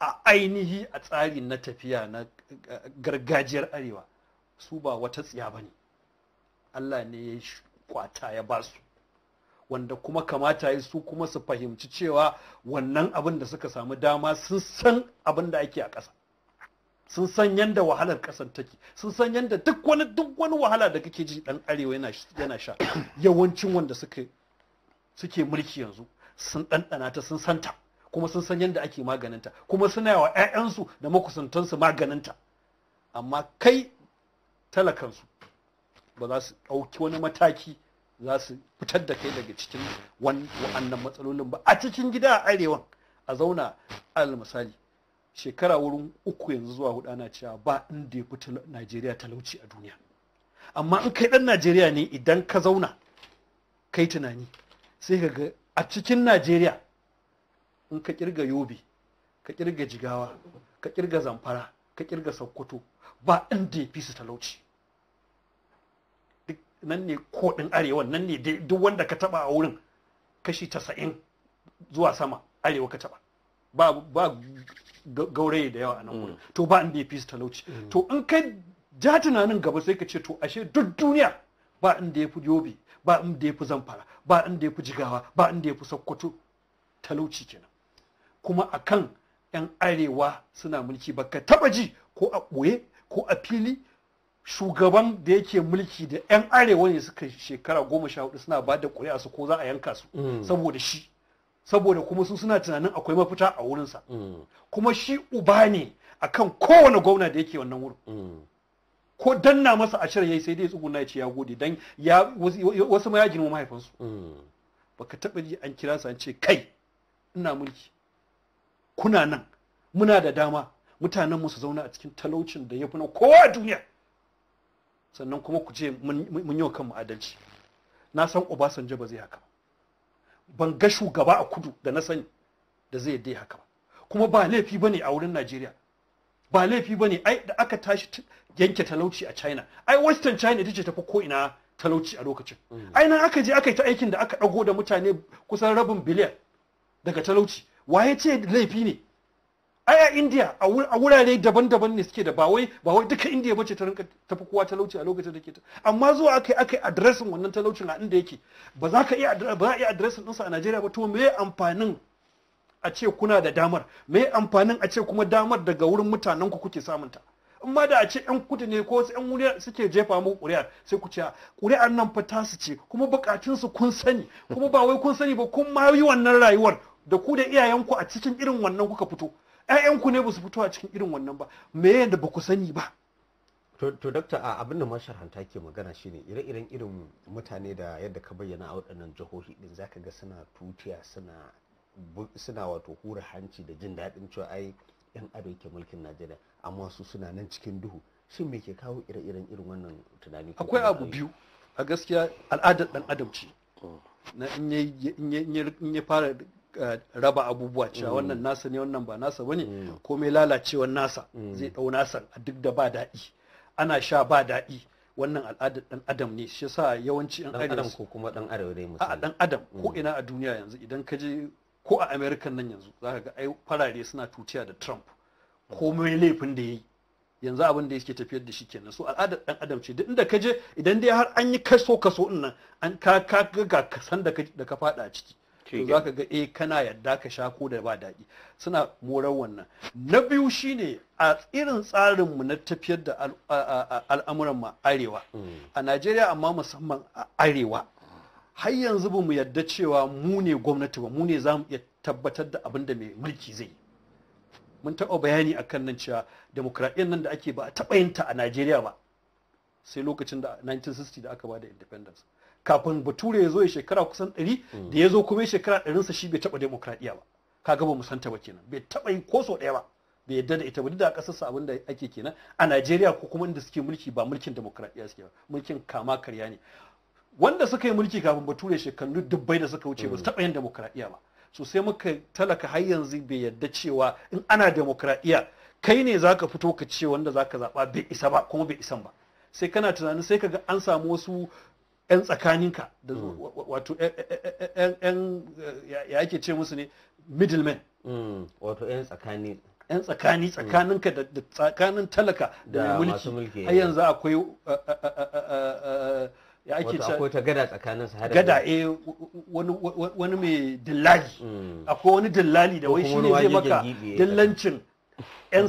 a ainihi a tsari na tafiya na eh, gargajiyar arewa su ba wata tsiya ba ne allah ne ya kwata ya ba su wanda kuma kamata ya su kuma su fahimci cewa wannan abin da suka samu dama sun san abin da ake a ƙasa sun san yadda wahalar kasan take sun san yadda duk wani duk wani wahala da kake ji dan arewa yana yana sha [coughs] yawancin wanda suke mulki yanzu sun ɗanɗana ta sun santa kuma sun san yadda ake maganinta kuma suna wa 'ya'yansu da makusantansu maganinta amma kai talakansu ba za su ɗauki wani mataki za su fitar da kai daga cikin wa'annan matsalolin ba a cikin gida a arewa a zauna al misali shekara wurin uku yanzu zuwa hudu ana cewa ba inda ya fita najeriya talauci a duniya amma in kai ɗan najeriya ne idan ka zauna kai tunani sai ka ga a cikin najeriya in ka kirga yobe ka kirga jigawa ka kirga zamfara ka kirga sokoto ba inda ya fi su talauci nan ne kodin arewa nan ne duk wanda ka taba a wurin kashi tasa'in zuwa sama arewa ka taba ba ba gauraye da yawa a nan mm. to ba inda ya fi su talauci mm. to in kai ja tunanin gaba sai ka ce to ashe duk duniya ba inda ya fi yobe ba inda ya fi zamfara ba inda ya fi jigawa ba inda ya fi sokoto talauci kenan kuma a kan yan arewa suna mulki ba ka taba ji ko a ɓoye ko a fili shugaban da yake mulki da yan arewa ne suka shekara goma sha hudu suna ba da ƙuri'a su ko za a yanka su mm. saboda shi saboda kuma su suna tunanin akwai mafita a wurinsa mm. kuma shi uba ne akan kowane gwamna da yake wannan wurin mm. ko danna masa a shirya sai dai tsuguna ya ce ya gode dan ya wasu ma ya girma mahaifinsu mm. baka taba ji an kira su ce kai ina mulki kuna nan muna da dama mutanen mu su zauna a cikin talaucin da ya fi na kowa a duniya sannan kuma ku ce mun yi wa kanmu adalci na san obasanjo ba zai haka ban ga shugaba a kudu da na sani da zai yadda haka ba kuma ba laifi ba ne a wurin najeriya ba laifi ba ne ai da aka tashi yanke talauci a china ai western china ita ce tafi ko ina talauci a lokacin mm. ai nan aka je aka yi ta aikin da aka ɗago da mutane kusan rabin biliyan daga talauci waye ce laifi ne aya India a wurare daban-daban ne suke da ba wai ba wai duka India bace ta rinka tafi kowa talauci a lokacin da ke ta amma zuwa akai akai addressin wannan talaucin a inda yake ba za ka iya ba za a iya a Najeriya ba to me amfanin a ce kuna da damar me amfanin a ce kuma damar daga wurin mutanen ku kuke samunta in ma da a ce yan kudu ne ko wasu yan wuri suke jefa muku ƙuri'ar sai ku ce ah, ƙuri'ar nan fa tasu ce kuma bukatun su kun sani kuma ba wai kun sani ba kun ma yi wannan rayuwar da ku da iyayen ku a cikin irin wannan kuka fito ƴaƴanku ne ba su fito a cikin irin wannan ba me yadda ba ku sani ba to dakta a abinda da masharanta ke magana shine ire-iren irin mutane da yadda ka bayyana a waɗannan jihohi din zaka ga suna tutiya suna suna wato hura hanci da jin daɗin cewa ai yan ado mulkin najeriya amma su suna nan cikin duhu shin me ke kawo ire-iren irin wannan tunani akwai abu biyu a gaskiya al'adar ɗan adam ce mm. na in ya fara raba abubuwa cewa mm. wannan nasa ne wannan ba nasa ba bane mm. komai lalacewar nasa mm. zai dau nasa a duk da ba daɗi ana sha ba daɗi wannan al'adar dan adam ne shi yasa yawanci Ɗan adam ko kuma dan arewa dai a dan adam ko ina a duniya yanzu idan ka je ko a american nan yanzu zaka ga ai farare suna tuciya da trump komai laifin da yayi yanzu abin da yake tafiyar da shi kenan so al'adar dan adam ce duk inda ka je idan dai har an yi kaso kaso din nan an ka ka ga kasan da ka fada a ciki to za ka ga e kana yadda ka sha ko da ba daɗi suna morar wannan na biyu shine a irin tsarinmu na tafiyar da al'amuran ma arewa mm. a najeriya amma musamman a arewa har yanzu ba mu yadda cewa mu ne gwamnati ba mu ne za mu iya tabbatar da abin da mai mulki zai mun taɓa bayani a kan nan cewa demokradiyyar nan da ake ba a taɓa yin ta a najeriya ba sai lokacin da 1960 da aka ba da independence kafin bature ya zo ya shekara kusan ɗari hmm. da ya zo kuma ya shekara ɗarinsa shi bai taɓa demokradiya ba kaga ba mu santa ba kenan bai taɓa yin koso ba bai yadda da ita ba duk da kasarsa abin da ake kenan a Najeriya ko kuma inda suke mulki ba mulkin demokradiya suke ba mulkin kama karya ne wanda suka yi mulki kafin bature shekaru dubbai da suka wuce ba su hmm. taɓa yin demokradiya ba so sai muka talaka har yanzu bai yadda cewa in ana demokradiya kai ne zaka fito ka ce wanda zaka zaɓa bai isa ba kuma bai isan ba sai kana tunanin sai kaga an samu wasu 'yan tsakaninka da wato 'yan ya ake ce musu ne middleman mm. wato 'yan tsakani yan tsakani tsakaninka da tsakanin talaka da mulki har yanzu akwai eh, eh, eh, ya ake ce akwai ta gada tsakanin har gada eh wani wani mai dillali mm. akwai wani dillali da wai shine zai maka dillancin yan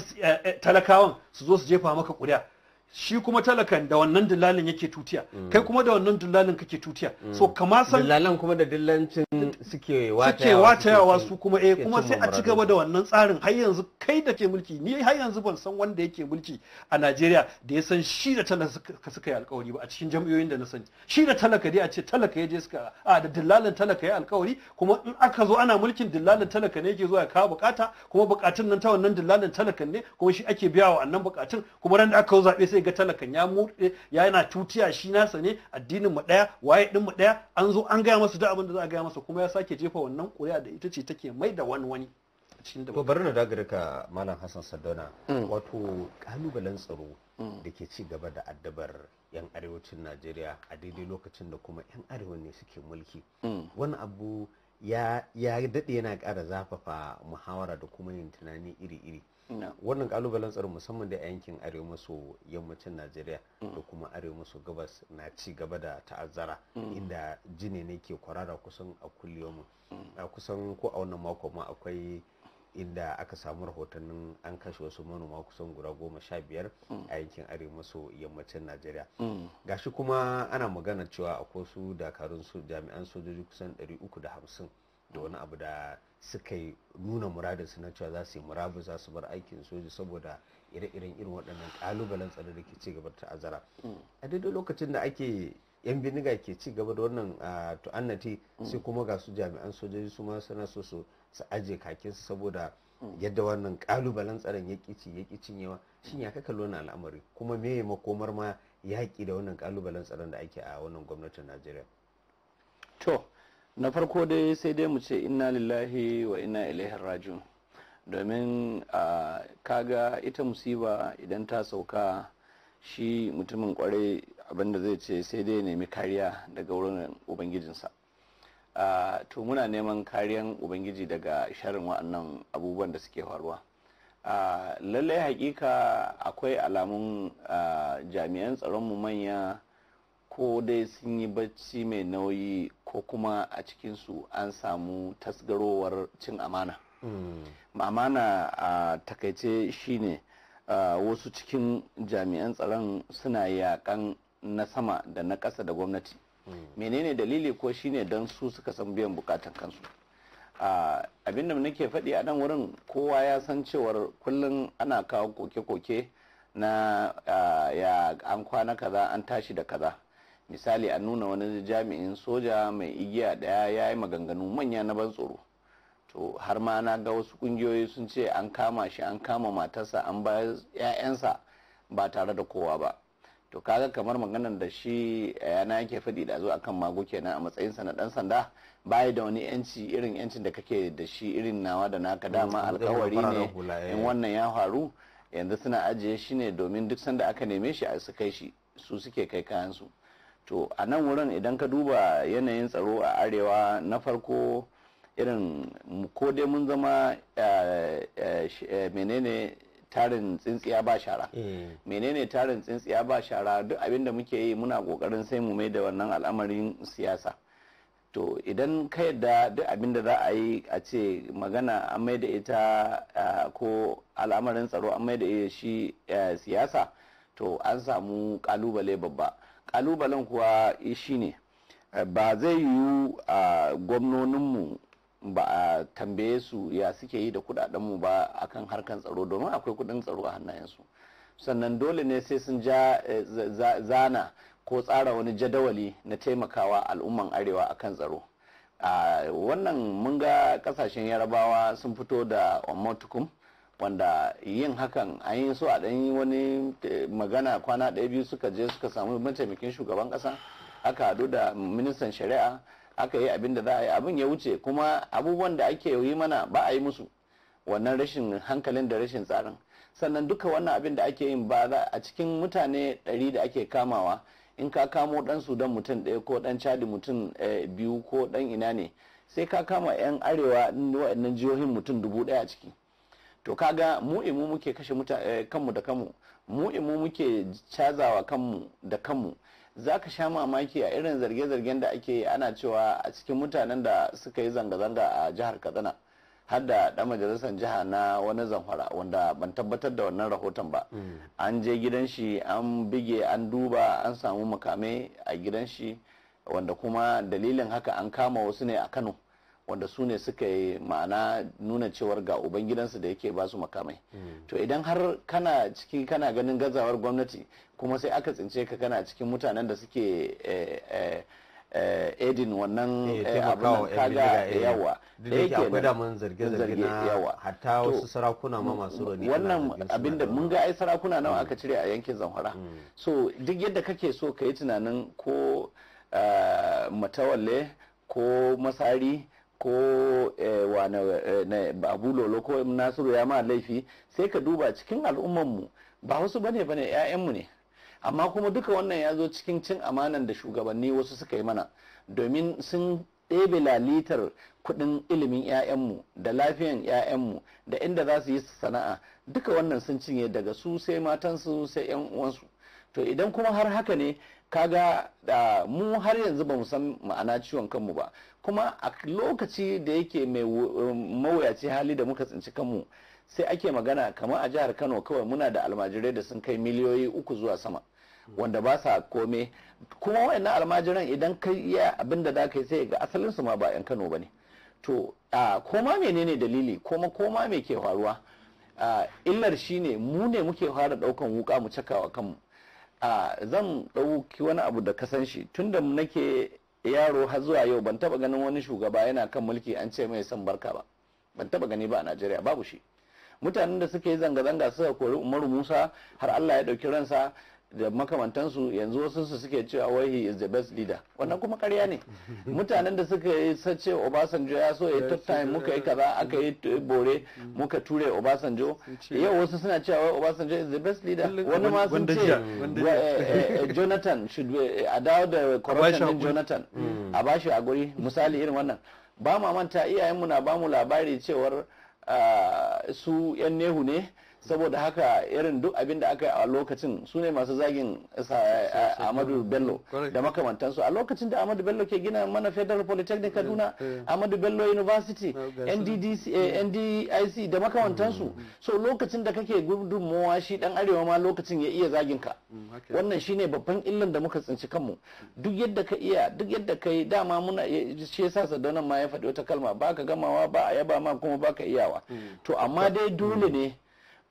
talakawan su zo su jefa maka kuri'a shi kuma talakan da wannan dillalin yake tutiya kai kuma da wannan dillalin kake tutiya so kama san dillalan kuma da dillancin suke watayawa su kuma eh kuma sai a ci gaba da wannan tsarin har yanzu kai da ke mulki ni har yanzu ban san wanda yake mulki a Najeriya da ya san shi da talaka suka yi alkawari ba a cikin jam'iyyoyin da na sani shi da talaka dai a ce talaka ya je suka a da dillalin talaka ya alkawari kuma in aka zo ana mulkin dillalin talaka ne yake zuwa ya kawo bukata kuma bukatun nan ta wannan dillalin talakan ne kuma shi ake biya wa annan bukatun kuma ran da aka zo zabe sai zai ga talakan ya mutse ya yana cutiya shi nasa ne addinin mu ɗaya waye ɗin mu ɗaya an zo an gaya masa duk abin da za a gaya masa kuma ya sake jefa wannan kuri'a da ita ce take mai da wani wani to bari na dagare ka malam hassan sadona mm. wato kalubalen tsaro mm. da ke ci gaba da addabar yan arewacin najeriya a daidai lokacin da kuma yan arewa ne suke mulki mm. wani abu ya daɗe yana ƙara zafafa muhawara da kuma yin tunani iri-iri wannan kalubalen tsaron musamman da yankin arewa maso yammacin najeriya mm. da kuma arewa maso gabas na ci gaba da ta'azzara mm. inda jini ne ke kwarara kusan a mm. A kusan ko a wannan mako ma akwai inda aka samu rahotannin an kashe wasu manoma kusan guda goma sha biyar a yankin arewa maso yammacin najeriya gashi kuma ana magana cewa akwai su dakarun su jami'an sojoji kusan hamsin. da wani abu da suka yi nuna su na cewa za su yi murabu za su bar aikin soji saboda ire-iren irin waɗannan ƙalubalen tsaro da ke ci gaba ta azara a daidai lokacin da ake yan bindiga ke ci gaba da wannan tu'annati sai kuma ga su jami'an sojoji su ma suna so su aje kakinsu saboda yadda wannan ƙalubalen tsaron ya ƙici ya ƙicin yawa shin ya kaka lona al'amari kuma me makomar ma yaƙi da wannan ƙalubalen tsaron da ake a wannan gwamnatin najeriya to na farko dai sai dai mu ce inna lillahi wa inna ilaihi Raju domin a kaga ita musiba idan ta sauka shi mutumin kwarai abinda zai ce sai dai nemi kariya daga wurin ubangijinsa to muna neman kariyan ubangiji daga sharin wa'annan abubuwan da suke faruwa a lallai hakika akwai alamun jami'an tsaron mu manya ko dai sun yi bacci mai nauyi ko kuma a cikinsu an samu tasgarowar cin amana hmm. amana a takaice shine wasu cikin jami'an tsaron suna yakan na sama da na ƙasa da gwamnati hmm. menene dalili ko shine don su suka san biyan bukatan kansu abin da nake faɗi a nan wurin kowa ya san cewar kullum ana kawo koke-koke na ya an kwana kaza an tashi da kaza misali a nuna wani jami'in soja mai igiya daya ya yi maganganu manya na ban tsoro to har ma na ga wasu kungiyoyi sun ce an kama shi an kama matarsa an ba 'ya'yansa ba tare da kowa ba to kaga kamar maganar da shi yana eh, yake faɗi da zo akan mago kenan a matsayinsa na ɗan sanda baya da wani yanci irin yancin da kake da shi irin nawa da naka mm, dama alkawari ne eh. in wannan ya faru yanzu suna ajiye shi ne domin duk sanda aka neme shi a su kai shi su suke kai kayansu to a nan wurin idan ka duba yanayin tsaro a arewa na farko irin ko dai mun zama eh, eh, eh, menene tarin tsintsiya ba shara menene tarin tsintsiya ba shara duk abin da muke yi muna kokarin sai mu da wannan al'amarin siyasa to idan ka yadda duk abin da za a yi a ce magana an mai ita ko al'amarin tsaro an mai da shi siyasa to an samu kalubale babba kalubalen kuwa eh, shi ne eh, ba zai yiwu a gwamnoninmu ba a tambaye su ya suke yi da kudadenmu ba akan harkan tsaro domin akwai kudin tsaro a hannayensu sannan dole ne sai sun ja eh, zana ko tsara wani jadawali na taimakawa al'umman arewa akan tsaro wannan mun ga kasashen yarabawa sun fito da omotukum wanda yin hakan an yi so a ɗan yi wani eh, magana kwana ɗaya biyu suka je suka samu mataimakin shugaban ƙasa aka hadu da ministan shari'a aka yi abin da za a yi abin ya wuce kuma abubuwan da ake yi mana ba a yi musu wannan rashin hankalin da rashin tsarin sannan duka wannan abin da ake yin ba a cikin mutane ɗari da ake kamawa in ka kamo ɗan sudan mutum ɗaya ko dan cadi mutum eh, biyu ko dan ina ne sai ka kama 'yan arewa waɗannan jihohin mutum dubu ɗaya a ciki to kaga mu imu muke kashe eh, kanmu da kanmu mu imu muke cazawa kanmu da kanmu za ka sha mamaki a irin zarge-zargen da ake ana cewa a cikin mutanen da suka yi zanga-zanga a jihar katsina har da dan majalisar jiha na wani zamfara wanda ban tabbatar da wannan rahoton ba mm. an je gidan shi an bige an duba an samu makame a gidan shi wanda kuma dalilin haka an kama wasu ne a kano wanda su ne suka yi ma'ana nuna cewar ga ubangidansu da yake basu makamai hmm. to idan har kana ciki kana ganin gazawar gwamnati kuma sai aka tsince ka kana cikin mutanen da suke edin eh, eh, eh, wannan abin kaga yawa da yake akwai da zarge-zarge na hatta wasu sarakuna ma masu roni wannan abin da mun ga ai sarakuna nawa hmm. aka cire a yankin zamfara hmm. so duk yadda kake so ka yi tunanin ko matawalle ko masari ko eh, eh, abu ko nasiru ya ma laifi sai ka duba cikin al'ummanmu ba wasu bane bane 'ya'yanmu ne amma kuma duka wannan ya zo cikin cin amanan da shugabanni wasu suka yi mana domin sun ɗebe lalitar kuɗin ilimin 'ya'yanmu da lafiyan 'ya'yanmu da inda za su yi sana'a duka wannan sun cinye daga su sai matansu sai 'yan uwansu to idan kuma har haka ne kaga da mu har yanzu ba mu san ma'ana ciwon kanmu ba kuma a lokaci da yake mai um, mawuyaci hali da muka tsinci kanmu sai ake magana kamar a jihar kano kawai muna da almajirai da sun kai miliyoyi uku zuwa sama wanda ba sa kome kuma wayannan almajiran idan ka iya abin da za yi sai ga asalin su ma ba yan kano ba ne to a koma menene dalili koma koma me ke faruwa illar shine mu ne muke fara daukan wuka mu cakawa kanmu a zan ɗauki wani abu da kasan shi tun tunda nake yaro har zuwa yau ban taba ganin wani shugaba yana kan mulki an ce mai san barka ba ban taba gani ba a najeriya babu shi mutanen da suka yi zanga-zanga suka kori umaru musa har allah ya ɗauki ransa da makamantansu yanzu wasu su suke cewa wai he is the best leader wannan kuma karya ne [laughs] mutanen da suka yi sace obasanjo ya so ya top time muka yi kaza aka yi bore mm. muka ture obasanjo yau wasu suna cewa wai obasanjo is the best leader wani ma sun ce eh, eh, jonathan should be a dawo da corruption jonathan a bashi mm. a guri misali irin wannan ba mu manta iyayenmu na bamu labari cewar ah, su yan nehu ne saboda haka irin duk abin da aka yi a lokacin su ne masu zagin eh, amadu bello da makamantansu a lokacin da amadu bello ke gina mana federal polytechnic kaduna amadu bello university oh, ndic eh, mm. da makamantansu mm, mm, so lokacin da kake gudunmowa shi dan arewa ma lokacin ya iya zagin ka wannan shine babban illan da muka tsinci kanmu duk yadda ka iya duk yadda ka yi dama muna eh, shi yasa sa ma ya faɗi wata kalma baka gamawa ba a yaba ma kuma baka iyawa to amma dai dole ne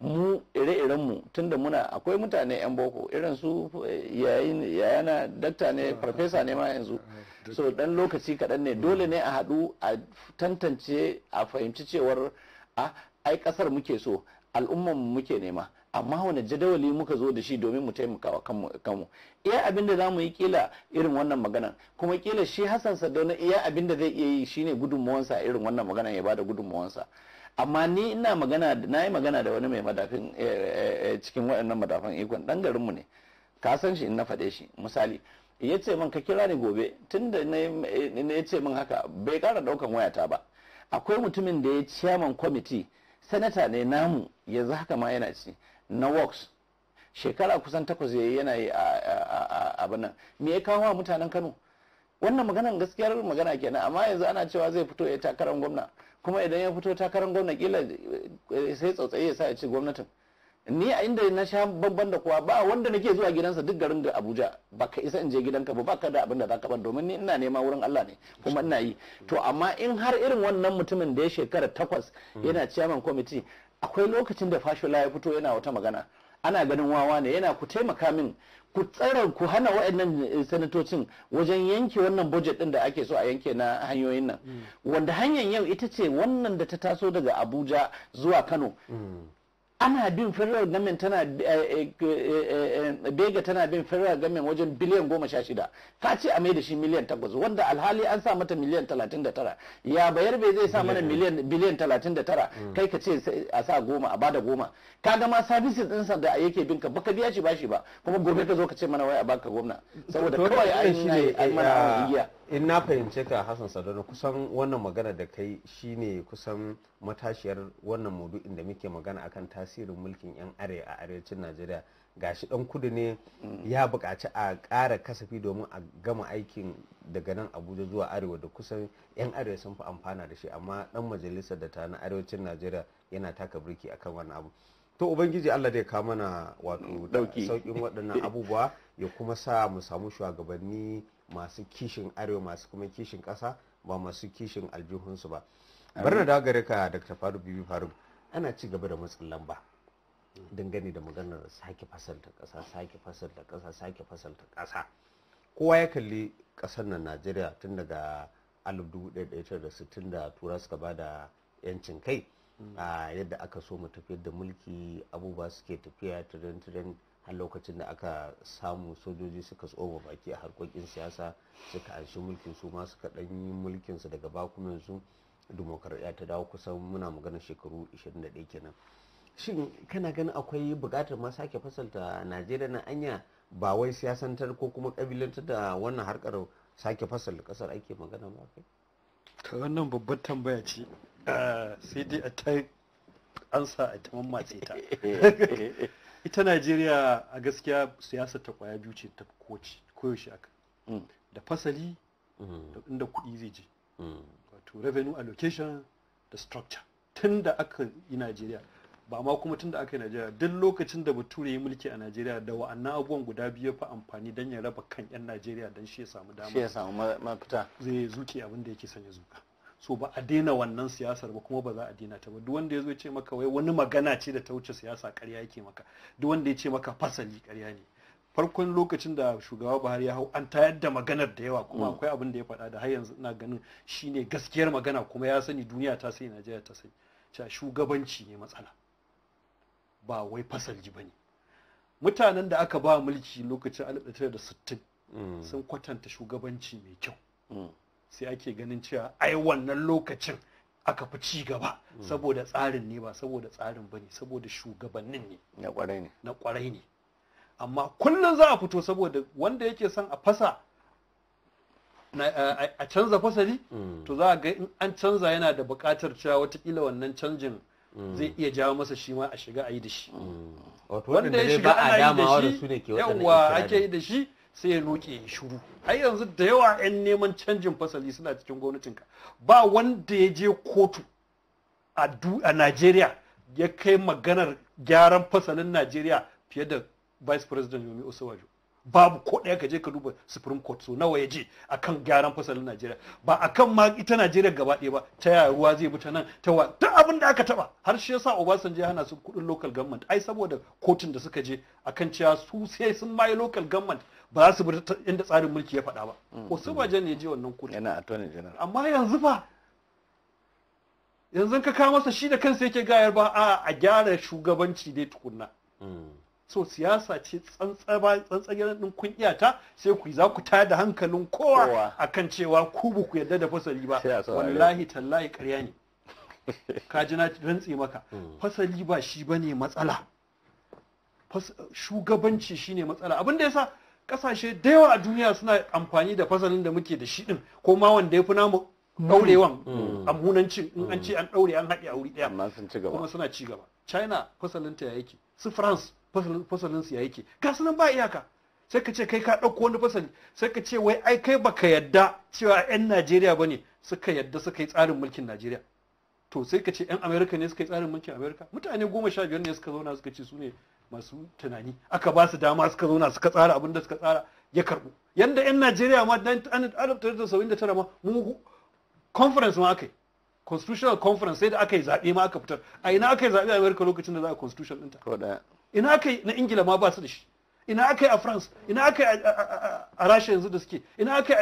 mu ire-iren mu tunda muna akwai mutane yan boko irin su eh, yayana dakta ne ah, farfesa ne ma ah, yanzu ah, so dan lokaci kaɗan ne dole ne a haɗu a tantance a fahimci cewar a ai ƙasar muke so al'umman muke nema amma wani jadawali muka zo da shi domin mu taimaka wa kanmu iya abin da zamu yi kila irin wannan maganan kuma kila shi Hassan sadauna iya abin da zai iya yi shine gudunmuwansa irin wannan maganan ya bada gudunmuwansa amma ni ina magana na yi magana da wani mai madafin eh, eh, eh, cikin waɗannan madafan ikon ɗan garinmu ne ka san shi in na faɗe shi misali ya ce min ka kira ni gobe tunda na ya ce min haka bai ƙara ɗaukan wayata ba akwai mutumin da ya ciyaman kwamiti sanata ne namu yanzu haka ma yana ci na works shekara kusan takwas ya yana yi a abin nan me ya kawo mutanen kano wannan maganan gaskiyar magana kenan amma yanzu ana cewa zai fito ya takarar gwamna kuma idan ya fito takarar gwamna kila eh, sai tsautsaye ya sa ya ce gwamnatin ni a inda na sha bamban da kuwa ba wanda nake zuwa gidansa duk garin da Abuja ba ka isa in je gidanka ba baka da abinda da zaka bar domin ni ina nema wurin Allah ne kuma ina yi to amma in har irin wannan mutumin da ya shekara takwas hmm. yana chairman committee akwai lokacin da fashola ya fito yana wata magana ana ganin wawa ne yana ku taimaka min ku tsara ku hana waɗannan eh, sanatocin wajen yanke wannan budget ɗin da ake so a yanke na hanyoyin nan mm. wanda hanyar yau ita ce wannan da ta taso daga abuja zuwa kano mm. ana bin federal government tana eh, eh, eh, bega tana bin federal government wajen biliyan goma sha shida ka ce a mai da shi miliyan takwas wanda alhali an sa mata miliyan talatin da tara ya bayar bai zai sa mana miliyan biliyan talatin da tara mm. kai ka ce a sa goma a bada goma ka ga ma services sa da yake bin ka baka biya shi ba shi ba kuma gobe ka zo ka ce mana wai a baka gwamna saboda kawai an yi mana igiya in na fahimce ka hassan sadano kusan wannan magana da kai shine kusan matashiyar wannan maudu'in da muke magana akan tasirin mulkin yan are a arewacin najeriya shi dan kudu ne ya bukaci a kara kasafi domin a gama aikin daga nan abuja zuwa arewa da kusan yan arewa sun fi amfana da shi amma dan majalisa da ta na arewacin najeriya yana taka birki akan wannan abu to ubangiji allah da ya kawo mana wato sauƙin waɗannan abubuwa ya kuma sa mu samu shugabanni masu kishin arewa masu kuma kishin ƙasa ba masu kishin aljihunsu ba bari na dawo gare ka dr faru bibi faru. ana ci gaba da matsin lamba dangane da maganar sake fasalta ƙasa sake fasalta ƙasa sake fasalta ƙasa kowa ya kalli ƙasar nan najeriya tun daga dubu 1960 da tura suka ba da yancin kai mm. a yadda aka so mu tafiyar da mulki abubuwa suke tafiya tirin tirin har lokacin da aka samu sojoji suka tsoma baki a harkokin siyasa suka anshi mulkin su ma suka dan yi mulkin su daga bakunan su dimokuraɗiyya ta dawo kusan muna magana shekaru 21 kenan shin kana ganin akwai bukatar ma sake fasalta najeriya na anya ba wai siyasantar ko kuma ƙabilantar da wannan harkar sake fasalta ƙasar ake magana ba kai to wannan babbar tambaya ce ah, sai dai a ta ansa a ta ta [laughs] ita najeriya a gaskiya siyasar ta kwaya biyu ce ta koyaushe aka mm. da fasali mm. da inda kuɗi zai je mm. wato revenue allocation da structure tun da aka yi najeriya ba ma kuma tun da aka yi najeriya duk lokacin da bature ya mulki a najeriya da wa'annan abubuwan guda biyu fa amfani don ya raba kan 'yan najeriya don shi ya samu dama shi ya samu mafita zai zuke abin da yake sanya zuka so ba a daina wannan siyasar ba kuma ba za a daina ta ba duk wanda ya zo ce maka wai wani magana ce da ta wuce siyasa ƙarya yake maka duk wanda ya ce maka fasali ƙarya ne farkon lokacin da shugaba buhari ya hau an tayar da maganar da yawa kuma mm. akwai abin da ya faɗa da har yanzu ina ganin shine gaskiyar magana kuma ya sani duniya ta sai najeriya ta sai cewa shugabanci ne matsala ba wai fasalji ba ne mutanen da aka ba mulki lokacin 1960 mm. sun kwatanta shugabanci mai kyau mm. sai ake ganin cewa ai wannan lokacin aka fi ci gaba saboda tsarin ne ba saboda tsarin ba ne saboda shugabannin ne na kwarai ne amma kullum za a fito saboda wanda yake son a fasa a canza fasari, mm. to za a ga in an canza yana da buƙatar cewa watakila wannan canjin mm. zai iya jawo masa shi ma a shiga a yi da shi mm. wanda ya shiga ana yi da shi yawa ake yi da shi sai ya noke ya shuru ai yanzu da yawa 'yan neman canjin fasali suna cikin gwamnatinka ba wanda ya je kotu a najeriya ya kai maganar gyaran fasalin najeriya fiye da vice president yomi osawajo babu ko ɗaya ka je ka duba supreme court so nawa ya je akan gyaran fasalin najeriya ba akan ma ita najeriya gaba ɗaya ba ta yaya ruwa zai bi ta nan ta wa duk abin da aka taba har shi yasa obasanjo hana su kuɗin local government ai saboda kotun da suka je akan cewa su sai sun maye local government ba za su bi inda tsarin mulki ya faɗa ba mm, ba mm. ne ya je wannan kotun yana attorney general amma yanzu fa yanzu ka kawo masa shi da kansa yake gayar ba a gyara shugabanci dai tukunna mm. so siyasa ce tsantsagen din kun ta sai ku za ku tada hankalin kowa akan cewa ku ba ku yarda da fasali ba wallahi tallahi ƙarya ne ka ji na rantse maka hmm. fasali ba shi bane matsala shugabanci shine matsala abin da yasa kasashe da yawa a duniya suna amfani da fasalin da muke da shi din ko ma wanda ya fi namu daurewan hmm. hmm. amunancin in an ce an daure an haɗe a wuri ɗaya kuma suna ci gaba china fasalinta ya yake su france fasalin su ya yake ga sunan ba iyaka sai ka ce kai ka ɗauko wani fasali sai ka ce wai ai kai baka yadda cewa 'yan Najeriya ba ne suka yadda suka yi tsarin mulkin Najeriya to sai ka ce 'yan Amerika ne suka yi tsarin mulkin Amerika mutane goma sha biyar ne suka zauna suka ce su ne masu tunani aka ba su dama suka zauna suka tsara abin da suka tsara ya karbu yadda 'yan Najeriya ma 1979 ma mu conference ma aka yi constitutional conference sai da aka yi zaɓe ma aka fitar a ina aka yi zaɓe a Amerika lokacin da za a constitution ɗinta. ina aka na ingila ma ba su da shi ina aka yi a france ina aka a rasha yanzu da suke ina aka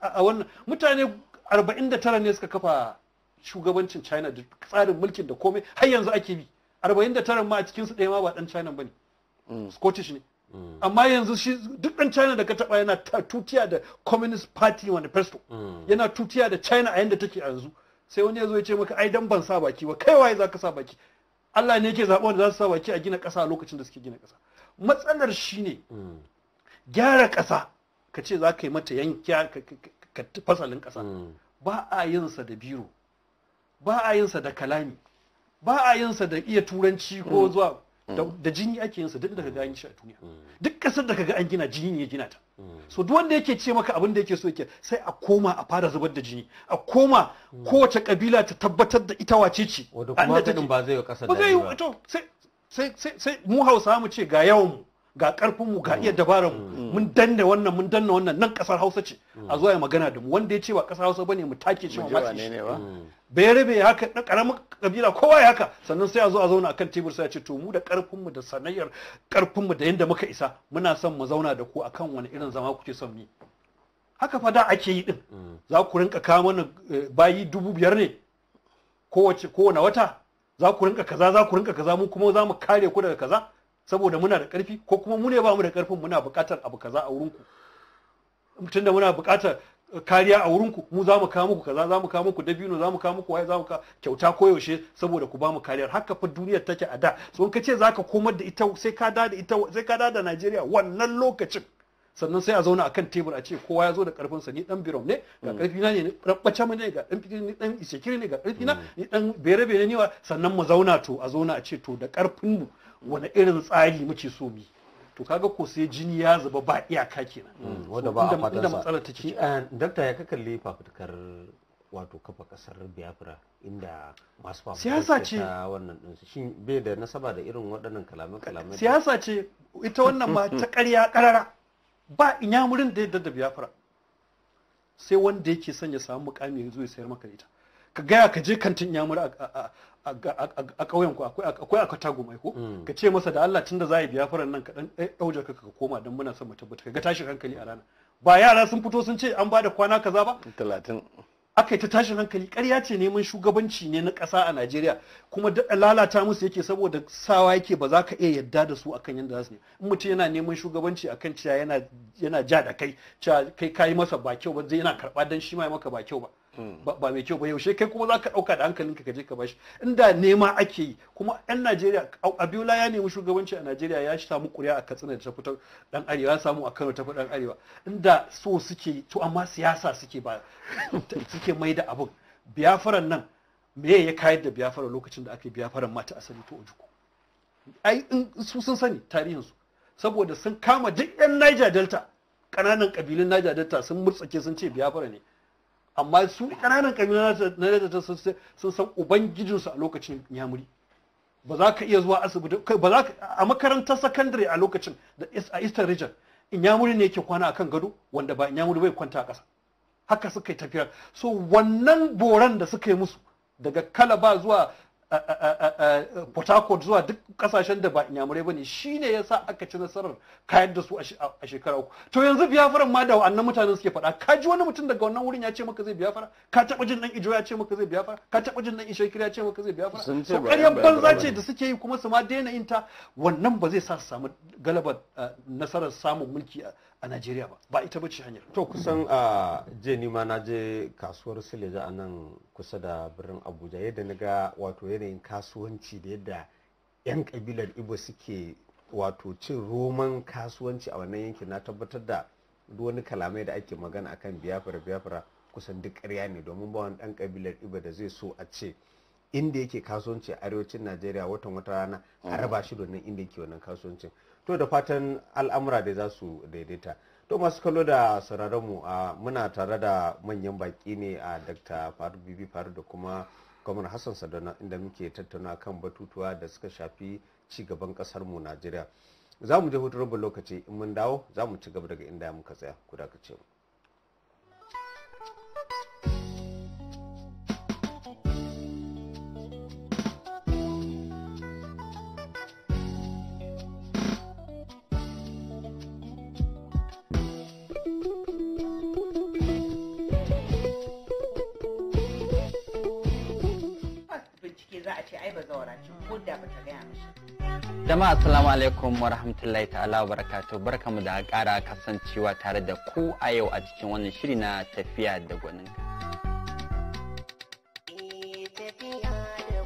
a wannan mutane 49 ne suka kafa shugabancin china da tsarin mulkin da komai har yanzu ake bi 49 ma a cikinsu ɗaya ma ba ɗan china ba ne mm. scottish ne mm. amma yanzu shi duk dan china da ka taba yana tutiya da communist party manifesto mm. yana tutiya da china a yanda take yanzu sai wani ya zo ya ce maka ai dan ban sa baki ba kai waye zaka sa baki Allah ne yake zaɓa wanda za su sa baki a gina ƙasa a lokacin da suke gina ƙasa matsalar shi ne. Hmm. gyara ƙasa ka ce za ka yi mata yankya ka fasalin ƙasa hmm. ba a yinsa da biro ba a yinsa da kalami ba a yinsa da iya turanci ko hmm. zuwa Mm. da jini ake yin sa duk da kaga an shi a duniya mm. duk kasar da kaga an gina jini ne ya gina ta mm. so duk wanda yake ce maka abin da yake so yake sai a koma a fara zubar da jini a koma kowace kabila ta tabbatar da ita wace ce wanda ba zai yi kasar da ba sai sai sai mu Hausa mu ce ga yawan mu ga karfin ga iya dabarar mu mm. mm. mun danne wannan mun danne wannan nan kasar Hausa ce mm. a zuwa ya magana da mu wanda ya ce ba kasar Hausa bane mu take shi ba bai rabe haka na karamin kabila kowa ya haka sannan sai a zo a zauna akan tebur sai a ce to mu da karfin mu da sanayyar karfin da yanda muka isa muna son mu zauna da ku akan wani irin zama kuke son mu haka fa da ake yi din za ku rinka kawo mana eh, bayi dubu biyar ne kowace kowane wata za ku rinka kaza za ku rinka kaza mu kuma za mu kare ku daga kaza saboda muna da karfi ko kuma mune ba mu da karfin muna buƙatar abu kaza a wurinku tunda muna buƙatar kariya a wurinku mu za mu kawo muku kaza za mu kawo muku dabino za mu kawo muku waye za mu kyauta ko yaushe saboda ku ba mu kariyar haka fa duniyar take a da so in ka ce za ka komar da ita sai ka da ita sai ka da Najeriya wannan lokacin sannan sai a zauna a kan tebur a ce kowa ya zo da ƙarfinsa, ni dan birom ne ga karfi mm. na ne ni dan bacha ne ga dan fitiri ni dan isekiri ne ga karfi na mm. ni dan berebe ne ni sannan mu zauna to a zauna a ce to da karfin mu wani irin tsari muke so bi to kaga ko sai jini ya zuba ba iyaka kenan mm, wanda ba a fatan matsalar ta ce dakta ya ka lefa fafutukar wato kafa kasar biafra inda masu fafutukar ce ta wannan din shi bai da nasaba da irin waɗannan kalamai kalamai siyasa ce ita wannan ma ta ƙarya ƙarara ba inyamurin da yadda da biafra sai wanda yake son ya samu mukami ya ya sayar maka ita ka gaya ka je kantin yamur a ƙauyen ku akwai a katago mai ko mm. ka ce masa da Allah tun da za a yi faran nan ka dan ɗaujar ka ka koma don muna son mu tabbata ka ga tashin hankali a rana ba yara sun fito sun ce an bada kwana kaza ba talatin aka yi ta tashin hankali ƙarya ce neman shugabanci ne na ƙasa a najeriya kuma lalata musu yake saboda sawa yake ba za ka iya yadda da su akan yadda za su in mutum yana neman shugabanci akan cewa yana ja da kai cewa kai kayi masa ba kyau ba zai yana karɓa don shi ma maka ba kyau ba ba mai kyau ba yaushe kai kuma za ka ɗauka da hankalinka ka je ka bashi inda nema ake yi kuma 'yan najeriya abiola ya nemi shugabanci a najeriya ya samu kuri'a a katsina da ta fito dan arewa ya samu a kano ta fito dan arewa inda so suke to amma siyasa suke ba suke mai da abun biyafaran nan me ya kayar da biyafaran lokacin da aka yi biyafaran mata asali to ojuku ai su sun sani tarihinsu saboda sun kama duk 'yan niger delta ƙananan ƙabilun niger delta sun murtsake sun ce biyafara ne amma su ƙananan ƙabila na sun san ubangijinsu a lokacin yamuri ba za ka iya zuwa asibiti ba za a makarantar sakandare a lokacin da a eastern region in inyamuri ne yake kwana akan gado wanda ba yamuri bai kwanta a ƙasa haka suka yi tafiya so wannan boran da suka yi musu daga kalaba zuwa port harcourt zuwa duk kasashen da ba inyamurai ba ne shi ne ya sa aka ci nasarar kayar da su a shekara uku to yanzu biyafaran ma da wannan mutanen suke faɗa ka ji wani mutum daga wannan wurin ya ce maka zai biyafara ka taɓa jin dan ijo ya ce maka zai biyafara ka taɓa jin dan ishekir ya ce maka zai biyafara to ƙaryar banza ce da suke yi kuma su ma daina yin ta wannan ba zai sa su samu galabar eh, nasarar samun mulki a najeriya ba ba ita bace hanyar to kusan a je nima na je kasuwar suleja a nan kusa da birnin abuja yadda na ga wato yanayin kasuwanci da yadda 'yan kabilar ibo suke wato cin roman kasuwanci a wannan yankin na tabbatar da duk wani kalamai da ake magana akan biyafara-biyafara kusan duk ƙarya ne domin ba wani ɗan kabilar ibo da zai so a ce inda yake kasuwanci a arewacin najeriya watan wata rana a raba shi domin inda yake wannan kasuwancin to da fatan al'amura da za su daidaita to masu kallo da sararinmu muna tare da manyan baki ne a dr faru bibi faru da kuma gwamnan hassan sadana inda muke tattauna kan batutuwa da suka shafi ci gaban kasar mu najeriya za mu je hutu rabin lokaci in mun dawo za mu ci gaba daga inda muka tsaya ku dakace mu da jama'a assalamu alaikum wa rahmatullahi ta'ala wa barakatuh barkamu da kara kasancewa tare da ku a yau a cikin wannan shiri na tafiya da gwanin eh,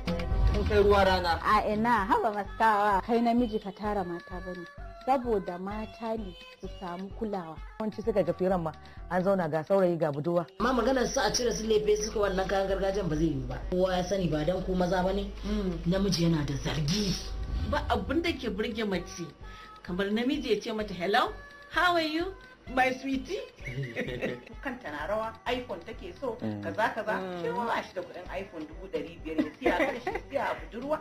gwaninka kai ruwa rana a ina haba maskawa kai namiji ka tara mata bane saboda mata ne su samu kulawa. Wanci suka ga firan ma an zauna ga saurayi ga buduwa. Amma maganar su a cire su lefe suka wannan kayan gargajiyan ba zai yi ba. Kowa ya sani ba dan ko maza ba ne. Hmm. Namiji yana da zargi. Ba abin da ke burge mace kamar namiji ya ce mata hello how are you my sweetie [laughs] kanta na rawa iphone take so hmm. kaza kaza hmm. Kewa ba shi da kudin iphone dubu dari biyar ya siya kan shi siya budurwa.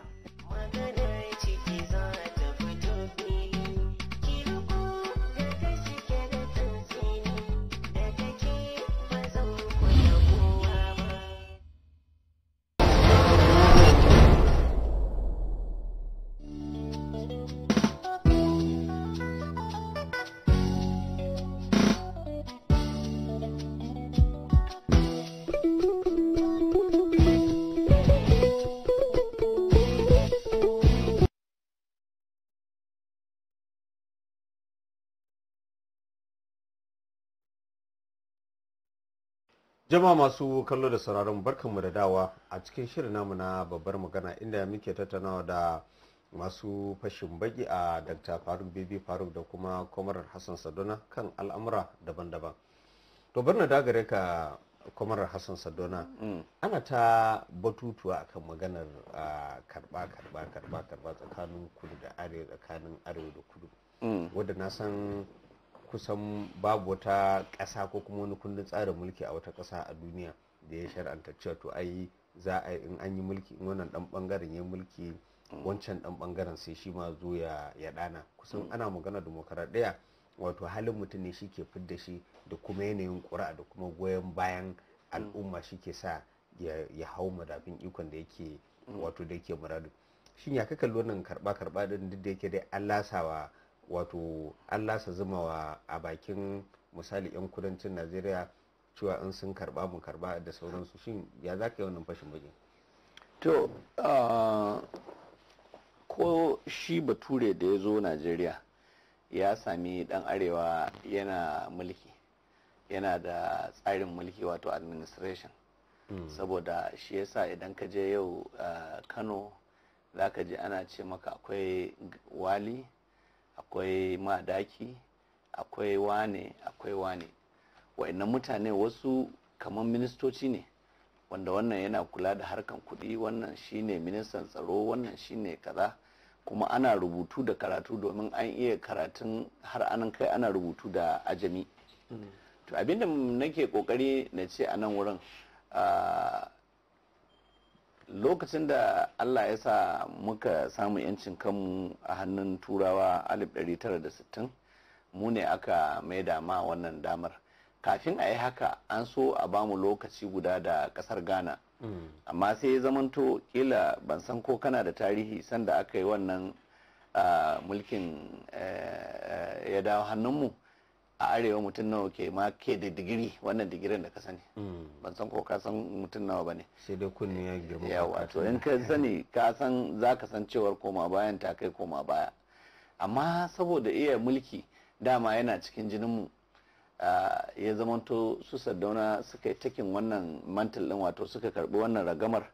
jama masu kallo da sauraron barkanmu da dawa a cikin shirin namu na babbar magana inda muke tattaunawa da masu fashin baki a dr faruk bibi faruk da kuma kwamarar hassan sadona kan al'amura daban-daban to bar na dagare ka kwamarar hassan sadona mm. ana ta batutuwa akan maganar karba karba karba tsakanin kudu da arewa tsakanin arewa da kudu mm. wadda na san kusan babu wata ƙasa ko kuma wani kundin tsarin mulki a wata ƙasa a duniya da ya shar'anta cewa to ai za a in an yi mulki in wannan dan bangaren ya mulki wancan dan bangaren sai shi ma zo ya ya dana kusan ana magana demokaradiyya wato halin mutum ne shi ke fidda shi da kuma yanayin ƙura da kuma goyon bayan al'umma shi ke sa ya hau madafin ikon da yake wato da yake muradu shin ya ka kalli wannan karba karba din duk da yake dai an lasawa wato an lasa zuma a bakin misali 'yan kudancin najeriya cewa in sun karba mu karba da sauransu shin ya za ka yi wannan fashin bakin to ko shi bature da ya zo najeriya ya sami dan arewa yana mulki yana da tsarin mulki wato administration hmm. saboda shi yasa idan ka je yau kano za ka ji ana ce maka akwai wali akwai madaki akwai wane akwai wane wa'annan mutane wasu kamar ministoci ne wanda wannan yana kula da harkan kuɗi wannan shine ministan tsaro wannan shine kaza kuma ana rubutu da karatu domin an iya karatun har anan kai ana rubutu da ajami hmm. to abinda nake kokari na ce a nan wurin ah, lokacin da allah ya sa muka samu yancin kanmu a hannun turawa 1960 mu ne aka maida ma wannan damar kafin a yi haka an so a bamu lokaci guda da kasar ghana mm. amma sai ya zamanto kila ban san ko kana da tarihi sanda aka yi wannan ah, mulkin eh, eh, ya dawo hannunmu a arewa mutum nawa ke ma ke da digiri wannan digirin da ka sani hmm. ban san ko ka san mutum nawa ne sai dai kunni ya girma ya wato in ka [laughs] sani ka san za ka san cewar koma bayan ta kai koma baya amma saboda iya mulki dama yana cikin jininmu ya zamanto su sardauna suka yi takin wannan mantil din wato suka karbi wannan ragamar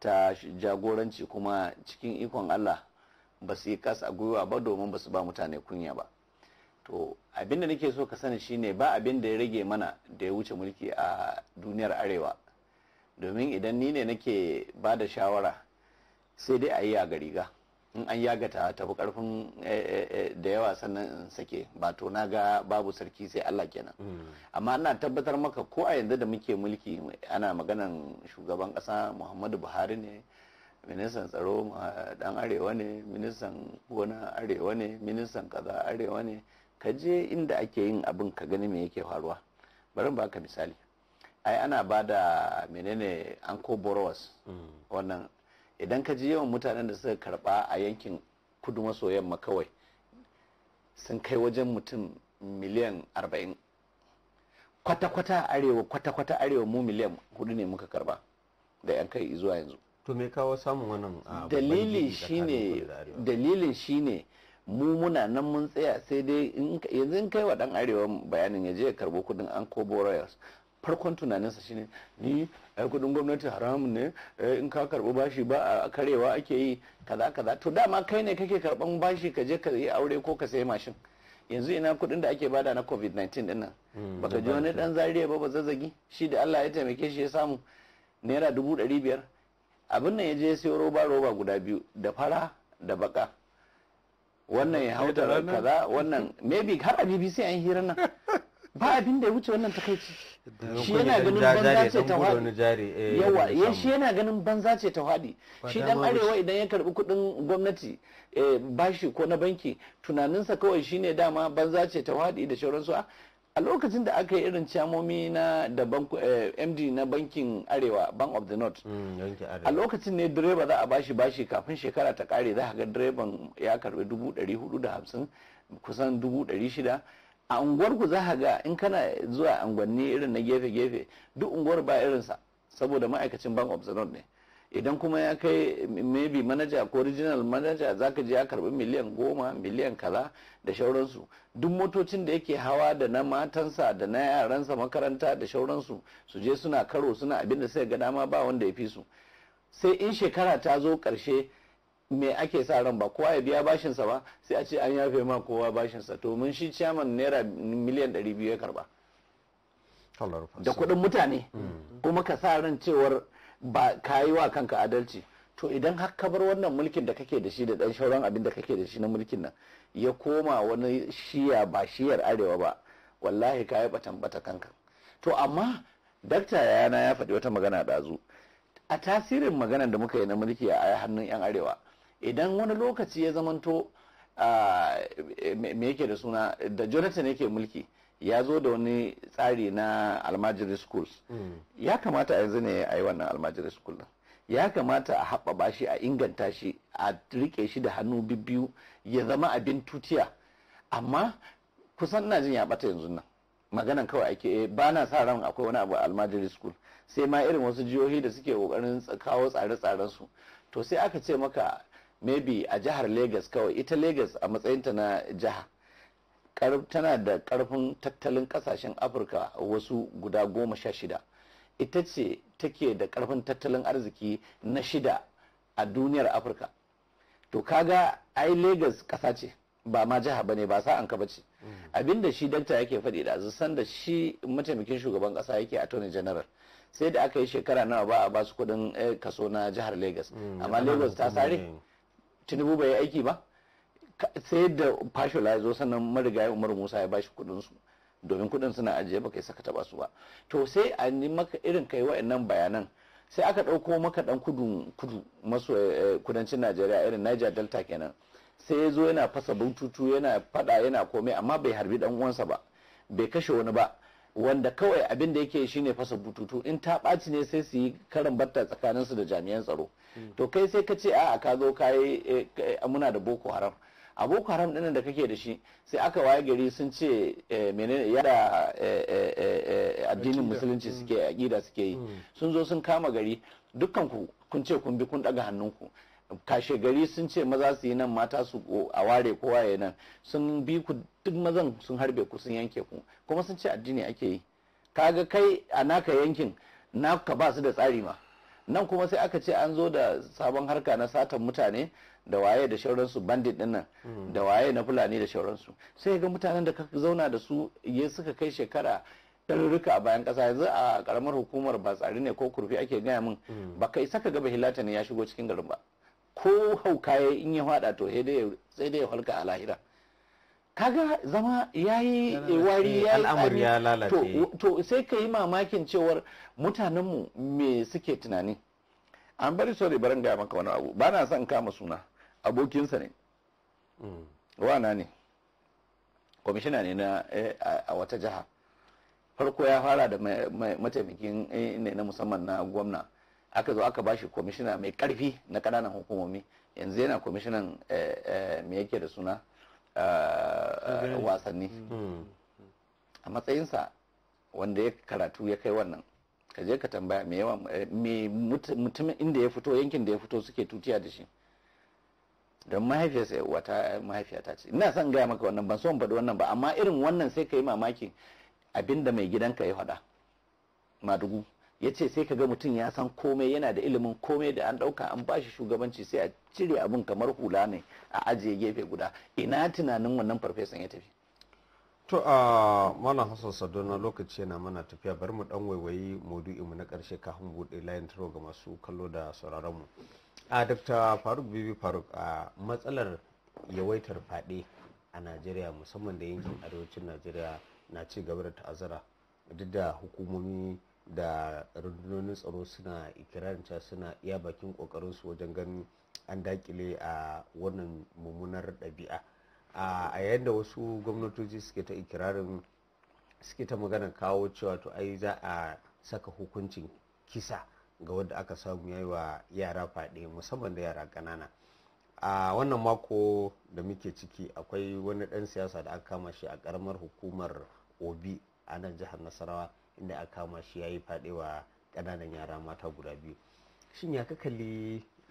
ta jagoranci kuma cikin ikon Allah ba su yi kasa gwiwa ba domin ba su ba mutane kunya ba to abin da nake so ka sani shine ba abin da ya rage mana da ya wuce mulki a duniyar arewa domin idan ni ne nake ba da shawara sai dai a yi yaga riga in an yagata ta tafi karfin eh, eh, eh, da yawa sannan in sake ba to na ga babu sarki sai Allah kenan hmm. amma ana tabbatar maka ko a yanzu da muke mulki ana maganan shugaban kasa Muhammadu Buhari ne ministan tsaro dan arewa ne ministan gona arewa ne ministan kaza arewa ne ka je inda ake yin abin ka gani me yake faruwa bari baka misali ai ana ba da menene anko borrowers mm. wannan idan ka ji yawan mutanen da suka karba a yankin kudu maso yamma kawai sun kai wajen mutum miliyan arba'in kwata-kwata arewa kwata-kwata arewa mu miliyan hudu ne muka karba da yan kai zuwa yanzu to me kawo samun wannan ah, dalilin shine dalilin shine mu muna nan mun tsaya sai dai yanzu in kai wa dan arewa bayanin ya je ya karbo kudin an kobo royals farkon tunaninsa shine ni ai kudin gwamnati haramun ne eh, in ka karbi bashi ba a karewa ake yi kaza kaza to dama kai ne kake karban bashi ka je ka yi aure ko ka sayi mashin yanzu ina kudin da ake bada na covid-19 dinnan hmm, baka ji wani dan zariya ba ba zazzagi shi da Allah ya taimake shi ya samu naira dubu ɗari biyar abin nan ya je sai roba roba guda biyu da fara da baka wannan ya hauta kaza wannan maybe har a BBC an hira nan ba abin da ya wuce wannan takaici shi yana ganin banza ce ta haɗi yawa shi yana ganin banza ce ta shi dan arewa idan ya karɓi kudin gwamnati eh, bashi ko na banki tunaninsa kawai shine dama banza ce ta haɗi da shauransu a a lokacin da aka yi irin camomi na da eh, md na bankin arewa bank of the north mm, a lokacin ne direba za a bashi bashi kafin shekara ta kare za ga direban ya karbi 450 kusan 600 a unguwar ku za ga in kana zuwa unguwanni irin na gefe-gefe duk unguwar ba irinsa saboda ma'aikacin bank of the north ne idan kuma ya kai maybe manager ko original manager ka je a karbi miliyan goma miliyan kaza da shauransu duk motocin da yake hawa da na matansa da na yaransa makaranta da shauransu su je suna karo suna abin da sai ga dama ba wanda ya fi su sai in shekara ta zo karshe me ake sa ran ba kowa ya biya bashinsa ba sai a ce an yafe ma kowa bashinsa to mun shi chairman naira miliyan ɗari biyu ya karba da kuɗin mutane hmm. kuma ka sa ran cewar ba ka yi wa kanka adalci to idan har ka bar wannan mulkin da kake da shi da dan shauran abin da kake da shi na mulkin nan ya koma wani shiya ba shiyar arewa ba wallahi ka yi batan bata kanka to amma dakta yana ya faɗi wata magana ɗazu a tasirin maganar da muka yi na mulki a hannun yan arewa idan wani lokaci ya zamanto ah, me yake da suna da jonathan yake mulki ya zo da wani tsari na almajiri schools hmm. ya kamata yanzu ne a yi wannan almajiri school ya kamata a haɓaɓa shi a inganta shi a riƙe shi da hannu biyu ya zama abin tutiya amma kusan na jin ya ɓata yanzu nan maganan kawai ake eh, ba na sa ran akwai wani abu almajiri school sai ma irin wasu jihohi da suke kokarin kawo tsare-tsaren su to sai aka ce maka maybe a jihar Legas kawai ita Legas a matsayinta na jiha tana da karfin tattalin kasashen afirka wasu guda goma sha shida ita ce take da karfin tattalin arziki na shida a duniyar afirka to kaga ai Legas kasa ce ba ma jiha bane ba sa an kaba ce mm. abinda shi dakta yake faɗi da san da shi mataimakin shugaban kasa yake attorney general sai da aka yi shekara nawa ba a basu kudin eh, kaso na jihar Legas. Mm, amma Legas ta sare tinubu bai yi aiki ba sai da fashola ya zo sannan marigayi umar musa ya bashi kudin su domin kudin suna ajiye baka saka taba su ba to sai a yi maka irin kai wa'annan bayanan sai aka ɗauko maka ɗan kudu kudu maso eh, kudancin najeriya irin niger delta kenan sai ya zo yana fasa bututu yana fada yana komai amma bai harbi dan uwansa ba bai kashe wani ba wanda kawai abin da yake shine fasa bututu in ta ɓaci ne sai su yi karin batta tsakaninsu da jami'an tsaro hmm. to kai sai ka ce a ka zo ka eh, eh, muna da boko haram a boko haram ɗin da kake da shi sai aka waye gari sun ce eh, menene yada eh, eh, addinin musulunci mm. suke aqida suke yi mm. sun zo sun kama gari dukkan ku kun ce kun bi kun ɗaga hannunku kashe gari sun ce maza su yi nan mata su a ware kowa ya nan sun bi ku duk mazan sun harbe ku sun yanke ku kuma sun ce addini ake yi kaga kai a naka yankin naka ba su da tsari ma nan kuma sai aka ce an zo da sabon harka na satan mutane da waye da shauransu bandit dinnan. Hmm. da waye na fulani da shauransu sai ga mutanen da ka zauna da su ya suka kai shekara ɗarurruka a bayan ƙasa yanzu a karamar hukumar ba tsari ne ko kurfi ake gaya min hmm. ba kai saka gaba hilata ne ya shigo cikin garin ba ko hauka ya in ya hada to sai dai ya halka a lahira kaga zama ya yi wari ya al'amari ya to sai ka yi mamakin cewar mutanenmu me suke tunani an bari sorry barin gaya maka wani abu ba na son kama suna abokinsa ne wana ne kwamishina ne na eh, a wata jiha farko ya fara da mataimakin eh, ne na musamman na gwamna aka zo aka bashi kwamishina mai karfi na kananan hukumomi yanzu yana kwamishinan eh, me yake da suna ah, ah, wasanni hmm. a matsayinsa wanda ya karatu ya kai wannan ka je ka tambaya mai me mutumin inda ya fito yankin da ya fito suke tutiya da shi don mahaifiyarsa wata mahaifiyata ce ina son gaya maka wannan ban so in faɗi wannan ba amma irin wannan sai ka yi mamakin abinda mai gidanka ya faɗa madugu ya ce sai ka ga mutum ya san komai yana da ilimin komai da an ɗauka an bashi shugabanci sai a cire abin kamar hula ne a ajiye gefe guda ina tunanin wannan farfesan ya tafi to a mana hassan sadona lokaci yana mana tafiya bari mu dan waiwayi mu na karshe kafin buɗe layin taro ga masu kallo da sauraronmu mu a dr faruk bibi faruk a matsalar yawaitar fade a najeriya musamman da yankin arewacin najeriya na ci gaba da ta'azara duk da hukumomi da rundunonin tsaro suna ikirarin cewa suna iya bakin su wajen ganin an dakile a wannan mummunar ɗabi'a a yayin da wasu gwamnatoci suke ta ikirarin suke ta magana kawo cewa to ai za a saka hukuncin kisa ga wadda aka samu yayi wa yara fyaɗe musamman da yara ƙanana a wannan mako da muke ciki akwai wani ɗan siyasa da aka kama shi a ƙaramar hukumar obi a nan jihar nasarawa inda aka kama shi yayi fyaɗe wa ƙananan yara mata guda biyu shin ya ka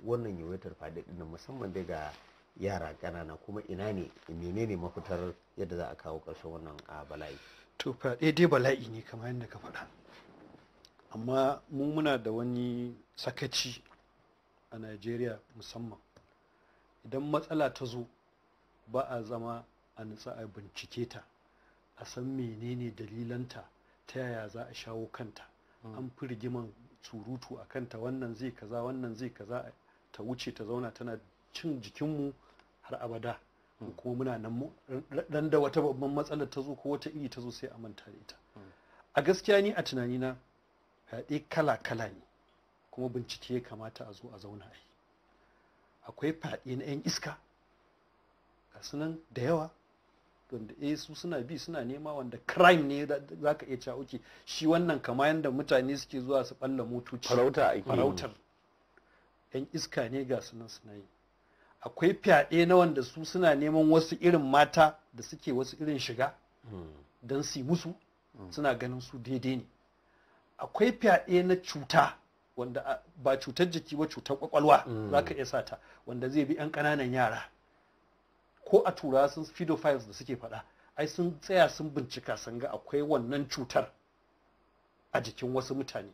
wannan yawaitar fyaɗe ɗin musamman da ga yara ƙanana kuma ina ne menene mafitar yadda za a kawo ƙarshen wannan a bala'i to fyaɗe dai bala'i ne kamar yadda ka faɗa amma mun muna da wani sakaci a najeriya musamman idan matsala ta zo ba a zama a nutsa a bincike ta a san menene dalilanta ta yaya za a shawo kanta mm. an fi rigiman surutu a kanta wannan zai kaza wannan zai kaza ta wuce ta zauna tana cin jikinmu har abada mm. kuma muna nan da wata babban matsalar ta zo ko wata iri ta zo sai a manta da ita mm. a gaskiya ni a tunanina fyaɗe kala-kala ne kuma bincike ya kamata a zo a zauna a yi akwai fyaɗe na 'yan iska ga sunan da yawa wanda eh su suna bi suna nema wanda crime ne za ka iya cewa shi wannan kama yadda mutane suke zuwa su balla motoci farautar yan iska ne ga sunan suna yi akwai fyaɗe na wanda su suna neman wasu irin mata da suke wasu irin shiga hmm. don su yi musu hmm. suna ganin su daidai ne akwai fyaɗe na cuta wanda ba cutar jiki ba cutar kwakwalwa mm. za ka iya ta wanda zai bi 'yan ƙananan yara ko a tura sun Files da suke faɗa ai sun tsaya sun bincika sun ga akwai wannan cutar a jikin wasu mutane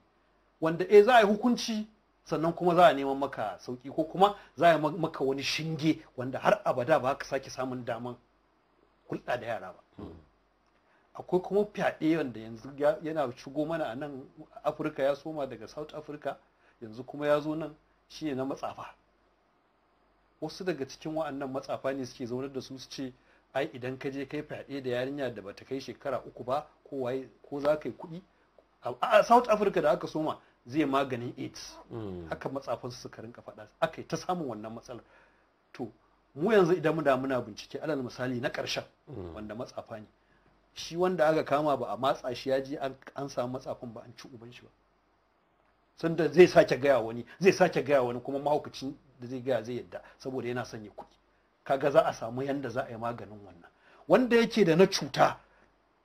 wanda eh za a yi hukunci sannan kuma za a neman maka sauki ko kuma za a yi maka wani shinge wanda har abada ba ka sake samun daman hulɗa da yara ba. Mm. akwai kuma fyaɗe wanda yanzu yana shigo mana a nan afirka ya soma daga south africa yanzu kuma ya zo nan shi ne na matsafa wasu daga cikin wa'annan matsafa ne suke zaunar da su su ce ai idan ka je kai fyaɗe da yarinya da bata kai shekara uku ba ko waye ko za ka yi kuɗi a south africa da aka soma zai maganin aids mm. haka matsafan suka rinka faɗa aka yi ta samun wannan matsala. to mu yanzu idan mu da muna bincike alal misali na ƙarshen mm. wanda matsafa ne shi wanda aka kama ba a matsa shi ya je an samu matsafin ba an ci uban shi ba sanda zai sake gaya wani zai sake gaya wani kuma mahaukacin da zai gaya zai yadda saboda yana sanya kuɗi kaga za a samu yanda za a yi maganin wannan wanda yake da na cuta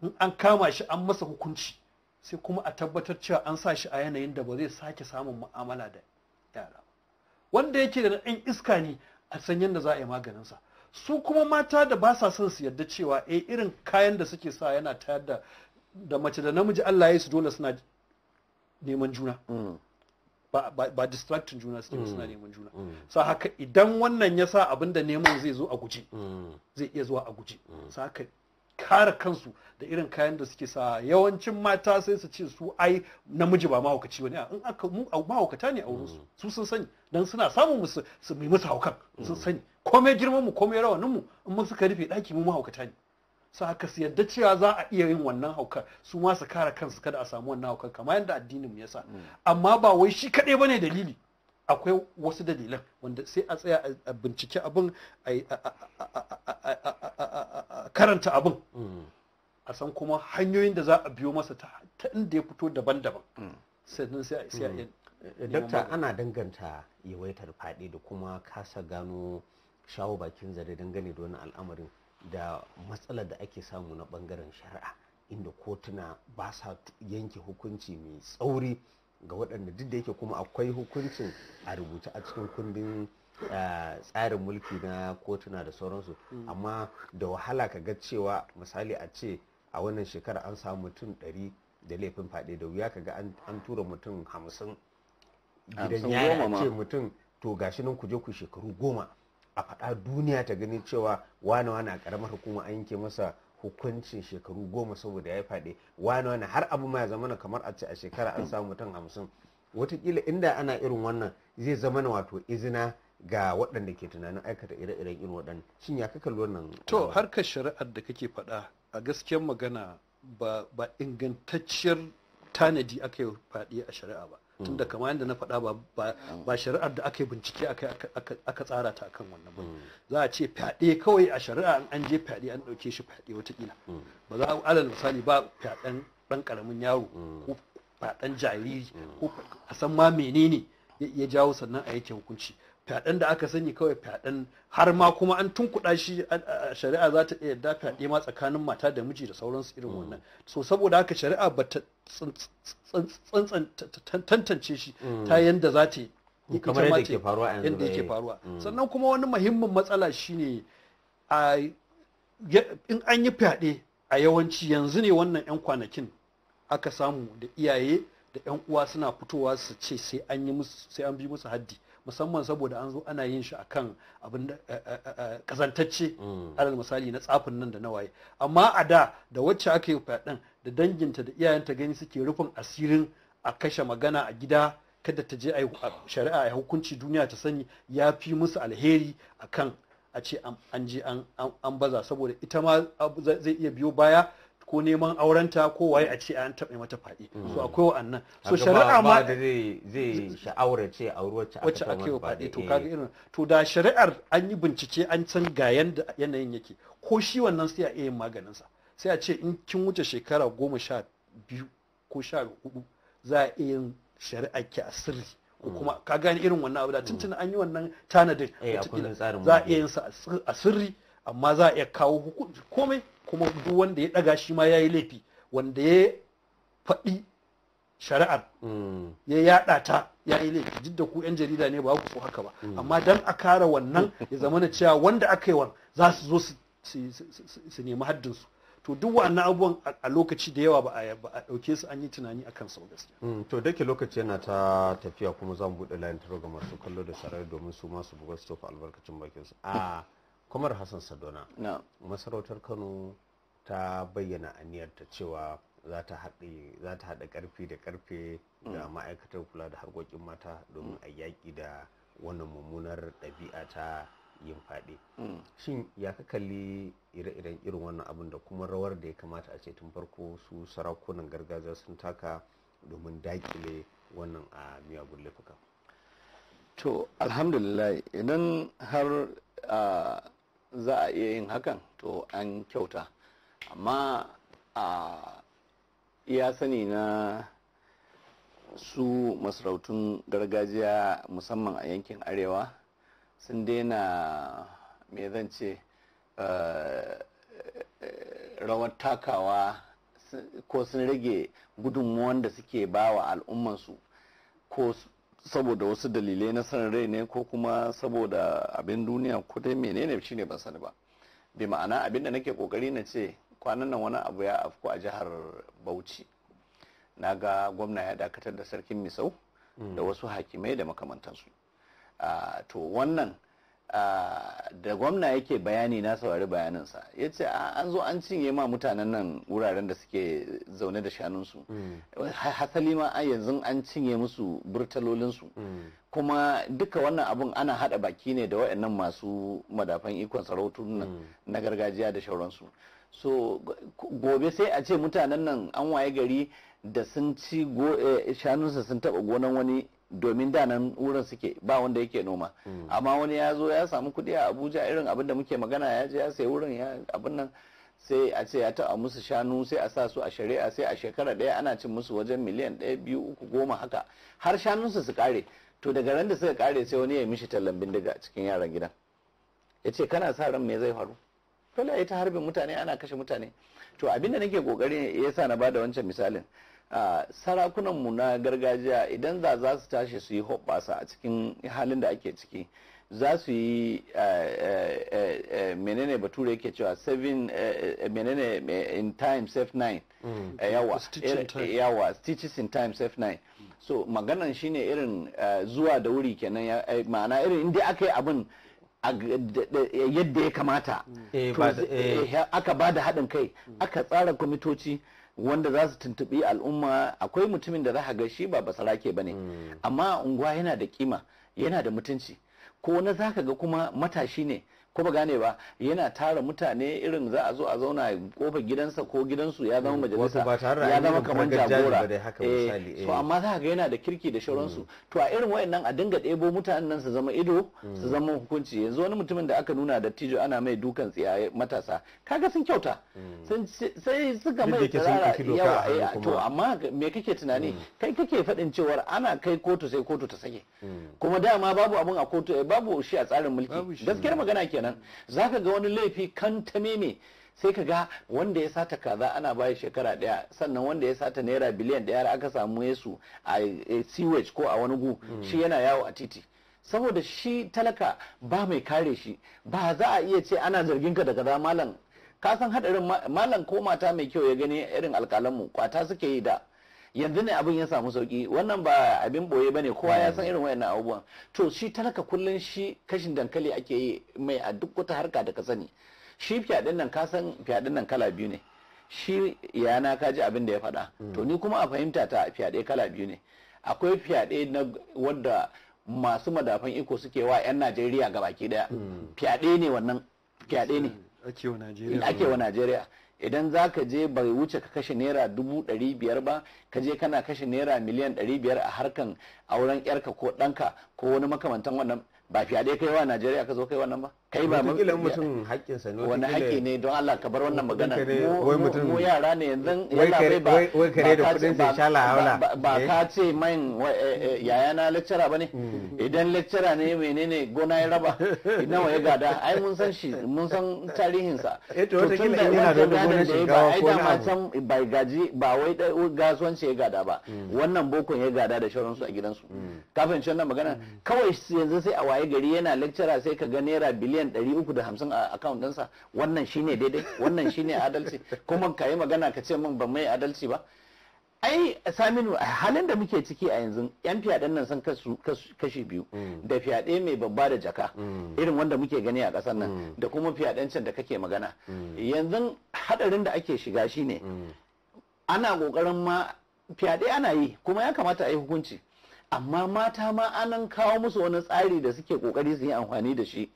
in an kama shi an masa hukunci sai kuma a tabbatar cewa an sa shi a yanayin da ba zai sake samun mu'amala da yara wanda yake da ɗan iska ne a san yadda za a yi maganinsa su kuma mata da ba sa son su yadda cewa eh irin kayan da suke sa yana tayar da da mace da namiji Allah ya su dole suna neman juna mm. ba distracting juna suke suna mm. neman juna mm. sa haka idan wannan ya sa abin da neman zai zo a guje zai iya zuwa a guje sa haka kare kansu da irin kayan da suke sa yawancin mata sai su ce su ai namiji ba mahaukaci ne in aka mu mahaukata ne a wurin su su sun sani dan suna samun musu su mai musu haukan sun sani komai girman mu komai rawanin mu in mun suka rufe daki mu mahaukata ne su haka su yadda cewa za a iya yin wannan haukan su ma su kare kansu kada a samu wannan haukan. kamar yadda addinin mu ya sa mm. amma ba wai shi kaɗai bane dalili akwai wasu dalilan wanda sai a tsaya a bincike abin a karanta abin a san kuma hanyoyin da za a biyo masa ta inda ya fito daban-daban sannan sai a yi dokta ana danganta yawaitar fadi da kuma kasa gano shawo bakin zare dangane da wani al'amarin da matsalar da ake samu na bangaren shari'a inda kotuna ba sa yanke hukunci mai tsauri ga waɗanda duk da yake kuma akwai hukuncin a rubuce a cikin kundin eh, tsarin mulki na kotuna da sauransu mm. amma da wahala ka ga cewa misali a ce a wannan shekara an samu mutum 100 da laifin fade da wuya ka ga an tura mutum 50 gidan yaya ce mutum to gashi nan ku je ku shekaru goma a faɗa duniya ta ganin cewa wane wane a ƙaramar hukuma an yanke masa hukuncin shekaru goma saboda ya yi fyaɗe wani wani har abu ma ya zamana kamar a ce a shekara an samu mutum hamsin watakila inda ana irin wannan zai zama na wato izina ga waɗanda ke tunanin aikata ire-iren irin waɗannan shin ya kaka wannan to harkar shari'ar da kake faɗa a gaskiyar magana ba ingantacciyar tanadi aka yi faɗi a shari'a ba tunda mm. kamar yadda na faɗa ba ba mm. shari'ar da aka yi bincike aka tsara ta akan wannan ba mm. za a ce fyaɗe kawai a shari'a an je fyaɗe an ɗauke shi fyaɗe watakila ba za a alal misali ba fyaɗen ɗan ƙaramin yaro ko fyaɗen jariri ko a san ma menene ya jawo sannan a yake hukunci fyaɗen da aka sani kawai fyaɗen har ma kuma an tunkuɗa shi a shari'a za ta iya yadda fyaɗe ma tsakanin mata da miji da sauransu irin mm. wannan so saboda haka shari'a ba ta tantance shi mm. ta yadda za ta yi kamar yadda yake eh. faruwa mm. sannan kuma wani muhimmin matsala shine ne in an yi fyaɗe a yawanci yanzu ne wannan 'yan kwanakin aka samu da iyaye da 'yan uwa suna fitowa su ce sai an bi musu haddi musamman saboda an zo ana yin shi akan abin da kazantacce eh, eh, eh, mm. alal misali na tsafin nan da nawaye amma a da da wacce aka yi fyaɗen da danginta da iyayenta gani suke rufin asirin a kashe magana a gida kada ta je shari'a ya hukunci duniya ta sani ya fi musu alheri akan a ce an je an baza saboda ita ma zai iya biyo baya ko neman aurenta ko waye a ce an taɓa mata faɗi mm. so akwai wa'annan so shari'a ma da zai zai sha'awar ce auri wacce wacce aka yi faɗi to kaga irin to da shari'ar an yi bincike an san ga yanda yanayin yake ko shi wannan sai a iya yin maganin sa sai a ce in kin wuce shekara goma sha biyu ko sha hudu za a iya yin shari'a ki a sirri ko kuma mm. ka gane irin wannan abu da tuntun mm. an yi wannan tanadin eh, za a iya yin sa a sirri amma za a iya kawo hukunci komai kuma duk wanda ya daga shi ma ya yi laifi wanda ya faɗi shari'ar hmm. ya yaɗa ta ya yi laifi duk da ku 'yan jarida ne ba ku so haka ba hmm. amma dan a kara wannan ya zama na cewa wanda aka yi za su zo su nemi su to duk wa'annan abubuwan a lokaci da yawa ba a ɗauke su an yi tunani a kan sau gaskiya. Hmm. to da ke lokaci yana ta tafiya kuma za mu buɗe layin taro ga masu kallo da sarari domin su masu bugar su tofa albarkacin bakin su ah, Umar hassan sadona masarautar kano ta bayyana aniyarta cewa za ta haɗa ƙarfi da ƙarfe mm. da ma'aikatar kula da harkokin mata domin a yaƙi da wannan mummunar ɗabi'a ta yin faɗi mm. shin ya ka kalli ire-iren irin wannan abin da kuma rawar da ya kamata a ce tun farko su sarakunan gargajiya sun taka domin daƙile wannan a miyagun laifuka to alhamdulillah idan har za a iya yin hakan to an kyauta amma a ya sani na su masarautun gargajiya musamman a yankin arewa sun daina me zan ce eh, eh, rawar takawa ko sun rage gudunmuwan da suke bawa al'ummansu ko saboda wasu dalilai na san rai ne ko kuma saboda abin duniya ko dai menene ne ban sani ba bi ma'ana abin da nake kokari na ce kwanan nan wani abu ya afku a jihar bauchi na ga gwamna ya dakatar da sarkin misau mm. da wasu hakimai da makamantansu ah, to wannan da gwamna yake bayani na saurari bayaninsa ya ce an zo an cinye ma mutanen nan wuraren da suke zaune da shanunsu mm. hasali ma yanzu an cinye musu burtalolinsu mm. kuma duka wannan abun ana hada baki ne da waɗannan masu madafan ikon sarautu mm. na gargajiya da shauransu so gobe sai a ce mutanen nan an waye gari da sun ci eh, shanunsa sun taba gonan wani domin da nan wurin suke ba wanda yake noma hmm. amma wani ya zo ya samu kudi a abuja irin abin da muke magana ya je ya sayi wurin ya abin nan sai a ce ya taɓa musu shanu sai a sa su a shari'a sai a shekara ɗaya ana cin musu wajen miliyan ɗaya biyu uku goma haka har shanunsu su kare to daga ran da suka kare sai wani ya yi mishi tallan bindiga cikin yaran gidan ya ce kana sa ran me zai faru dole ya ta harbin mutane ana kashe mutane to abin da nake kokari ya sa na bada wancan misalin Sarakunan mu na gargajiya idan za za su tashi su yi hoɓɓasa a cikin halin da ake ciki za su yi eh, eh, eh, menene bature yake cewa seven menene in time safe nine mm. yawa yawa stitches in time safe nine so maganan shine irin zuwa da wuri kenan ma'ana irin inda aka yi abin yadda ya kamata mm. aka ba da haɗin kai mm. aka tsara kwamitoci wanda za su tuntuɓi al'umma akwai mutumin da za ga shi ba basarake ba ne hmm. amma unguwa yana da kima yana da mutunci ko na zaka ga kuma matashi ne ko ba gane ba yana tara mutane irin za a zo a zauna kofar gidansa ko gidansu ya zama mm, majalisa ya zama kamar jagora eh, so eh. amma za ga yana da kirki da shauransu mm. to a irin wayannan a dinga ɗebo mutanen nan su zama ido mm. su zama hukunci yanzu wani mutumin da aka nuna da tijo ana mai dukan tsiya eh, matasa kaga sun kyauta sai suka mai tsara yawa to amma me kake tunani kai kake faɗin cewar ana kai kotu sai kotu ta sake kuma dama babu abun a kotu babu shi a tsarin mulki gaskiyar magana kenan kenan zaka ga wani laifi kan tameme sai ka ga wanda ya sata kaza ana bayi shekara daya sannan wanda ya sata naira biliyan daya aka samu yesu a sewage ko a wani gu hmm. shi yana yawo a titi saboda shi talaka ba mai kare shi ba za a iya ce ana zargin ka da kaza malam ka san hadarin malam ko mata mai kyau ya gani irin alkalanmu kwata suke yi da yanzu ne abin ya samu sauki wannan ba abin boye bane kowa ya san irin wayannan abubuwan to shi talaka kullun shi kashin dankali ake yi mai a duk wata harka da ka sani shi fyaɗen nan ka san nan kala biyu ne shi yana ka ji abin da ya faɗa hmm. to ni kuma a fahimta ta fyaɗe kala biyu ne akwai fyaɗe na wadda masu madafan iko suke wa 'yan najeriya ga baki daya hmm. fyaɗe ne wannan fyaɗe ne ake wa najeriya idan za ka je bai wuce ka kashe naira dubu ɗari biyar ba ka je kana kashe naira miliyan ɗari biyar a harkan auren yarka ko ɗanka ko wani makamantan wannan ba fiye kai wa najeriya ka zo kai wannan ba kai ba kila mutum haƙƙin ne wani haƙƙi ne don Allah ka bar wannan magana mu yara ne yanzu yana bai ba wai kare da kudin sai sha lahaula ba eh? ka ce man eh, eh, yaya na lecturer bane hmm. idan lecturer ne menene gona ya raba [laughs] idan ya gada ai mun san shi mun san tarihin sa eh to wata kila yana da gonar shinkafa ko ma can bai gaji ba wai gasuwanci ya gada ba hmm. wannan bokon ya gada da shauransu a gidansu hmm. kafin shi wannan magana kawai yanzu sai a waye gari yana lecturer sai ka ga naira biliyan miliyan 350 a account ɗinsa wannan shine daidai wannan shine adalci kuma ka yi magana ka ce min ban mai adalci ba ai saminu halin da muke ciki a yanzu yan fyaɗen nan sun kashi biyu mm. da fyaɗe mai babba da jaka mm. irin wanda muke gani a ƙasar nan mm. da kuma fiyaɗancin da kake magana yanzu haɗarin da ake shiga shine ana ƙoƙarin ma fyaɗe ana yi kuma ya kamata a yi hukunci amma mata ma anan kawo musu wani tsari da suke ƙoƙari su yi amfani da shi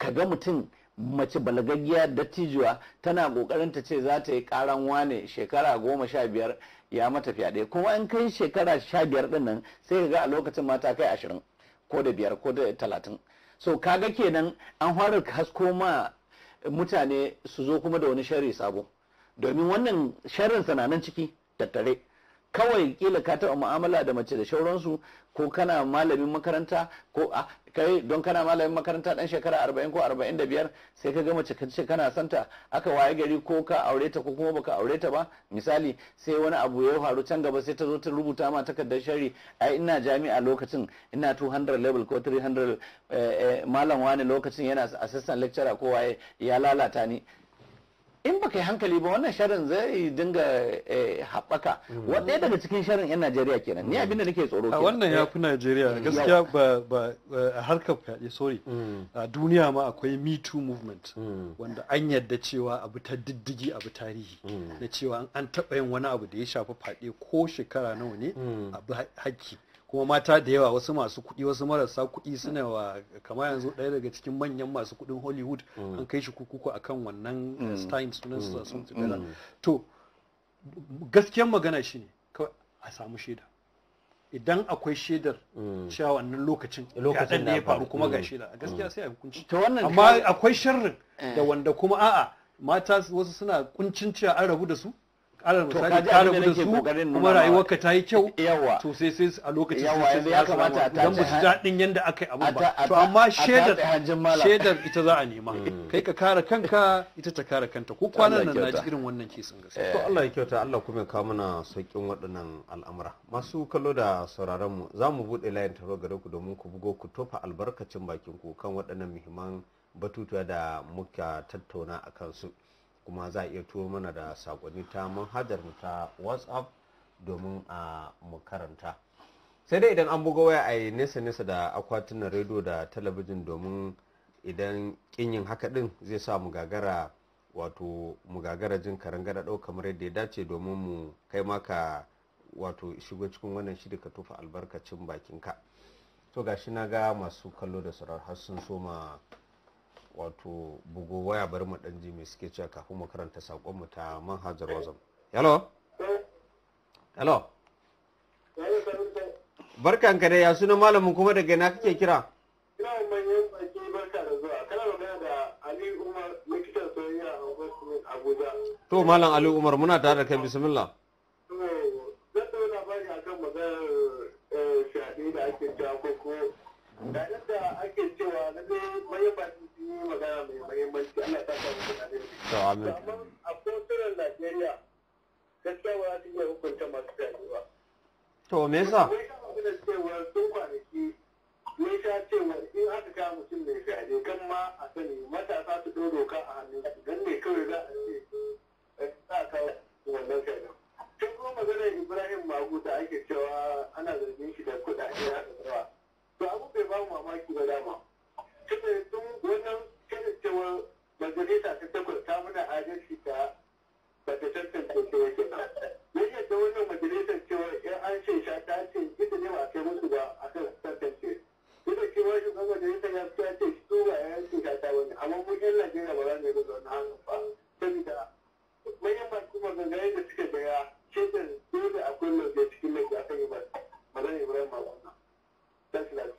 ka ga mutum mace balagaggiya dattijuwa tana kokarin ta ce za ta yi karan wane shekara goma sha biyar ya mata fyaɗe kuma in kai shekara sha biyar din nan sai ka ga a lokacin mata kai ashirin ko da biyar ko da talatin so kaga kenan an fara hasko ma mutane su zo kuma da wani shari sabo domin wannan sharrin sananan ciki tattare kawai kila ka taɓa mu'amala da mace da shauransu ko kana malamin makaranta ko a kai don kana malamin makaranta dan shekara 40 ko 45 sai ka ga mace ka ce kana santa aka waye gari ko ka aure ta ko kuma baka aure ta ba misali sai wani abu ya faru can gaba sai ta zo ta rubuta ma takardar shari ai ina jami'a lokacin ina 200 level ko 300 eh, eh, malam wani lokacin yana assistant lecturer ko waye ya lalata ni in baka yi hankali ba wannan sharin zai dinga eh, haɓaka mm. wadda daga cikin sharin 'yan najeriya kenan ni mm. abinda nake tsoro kenan wannan ya fi eh, najeriya eh, gaskiya ba a harkar fyaɗe sorry mm. a duniya ma akwai me too movement wanda an yadda cewa abu ta diddigi abu tarihi na cewa an taɓa yin wani abu da ya shafi fyaɗe ko shekara nawa ne abu hakki kuma mata da yawa wasu masu kuɗi wasu marasa kuɗi suna wa kamar yanzu ɗaya daga cikin manyan masu kuɗin hollywood mm. an kai shi kukuku kan wannan time mm. eh, sunan su sun mm. to gaskiyar magana shine kawai a samu shaida idan akwai shaidar cewa wannan lokacin lokacin da ya faru kuma ga shaida a gaskiya sai a hukunci amma akwai sharrin da eh. wanda kuma a'a mata wasu suna kuncin cewa an rabu da su alal misali ka rabu da su kuma rayuwarka ta yi kyau to sai sai a lokacin sai sai ya kamata dan ba su daɗin yanda aka yi abun ba to amma shaidar shaidar ita za a nema hmm. kai ka kare kanka ita ta kare kanta ko kwanan nan ji irin wannan kesin gaskiya eh. to Allah ya kyauta Allah kuma ya kawo mana sauƙin waɗannan al'amura masu kallo da sauraron mu za mu buɗe layin taro gare ku domin ku bugo ku tofa albarkacin bakin ku kan waɗannan muhimman batutuwa da muka tattauna a kansu. su kuma za a iya turo mana da sakonni ta manhajar mu ta whatsapp domin a mu karanta sai dai idan an buga waya a yi nesa nesa da akwatunan rediyo da talabijin domin idan kinyin haka din zai sa mu gagara wato mu gagara jin gada ɗau kamar yadda ya dace domin mu kai maka wato shigo cikin wannan shiri ka tufa albarkacin bakinka to gashi na ga masu kallo da sarar har sun soma wato bugu waya bari mu dan ji me suke cewa kafin mu karanta sakon mu ta manhajar wazam hello hello barkan ka dai ya sunan malamin kuma daga ina kake kira da zuwa da Ali Umar likitan a Abuja to malam Ali Umar muna tare da kai bismillah eh, da ake cewa da ake cewa na dai mayan yi magana mai mahimmanci Allah ta samu kuɗaɗe. To amin. A kotunan Najeriya gaskiya ba za su iya hukunta masu fyaɗe ba. To me yasa? Wai ka magana cewa sun kwanaki mun sha cewa in aka kama mutum mai fyaɗe kan ma a sani matasa su ɗau doka a hannun su don ne kawai za a ce eh, za a kawo wannan fyaɗen. Tun kuma maganar Ibrahim Magu da ake cewa ana zargin shi da kuɗaɗe haka yawa. To abu bai ba mu mamaki ba dama. tun wannan irin cewa majalisa ta takwas ta muna adalci ta ba ta tantance ko yake ba yake ta wannan majalisar cewa in an ce sha ta ce ita ne ba kai musu ba a kan tantance ita ce wani shugaban majalisar ya fita ce su ba ya ce sha ta wani amma mun yan Najeriya ba za mu yi da wannan hannun ba saboda manyan masu maganganun da suka gaya ce da dole akwai lauje cikin lauje a kan yi ba ba zan yi ba wannan. That's like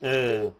嗯。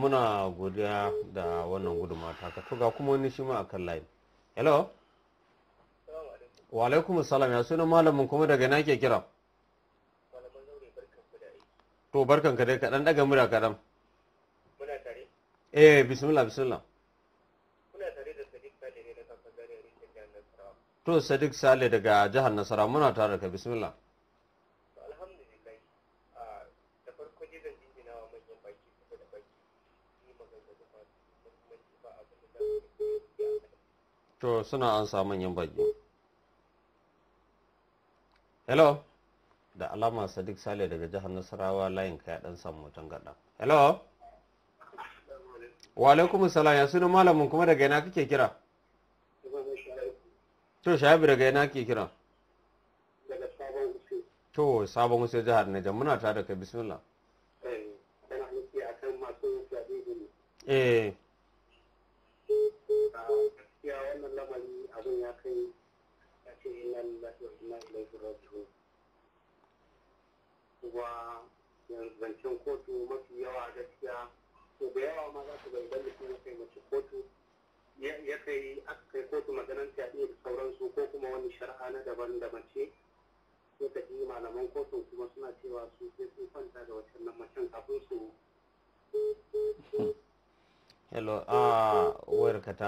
muna godiya da wannan guduma ta to ga kuma wani shi ma a kan layi hello wa alaikum salam ya suna malamin kuma daga na ke kira to barkan ka dai kaɗan daga mura kaɗan muna tare eh bismillah bismillah muna tare da sadiq sale ne na to sadiq sale daga jihar Nasara muna tare da ka bismillah suna an sa manyan baki hello da alama sadiq sale daga jihar nasarawa layin ka dan samu mutum gada hello wa alaikum salam ya sunan malamin kuma daga ina kake kira to shabi daga ina kake kira to sabon wasu jihar Nijar muna tare da kai bismillah eh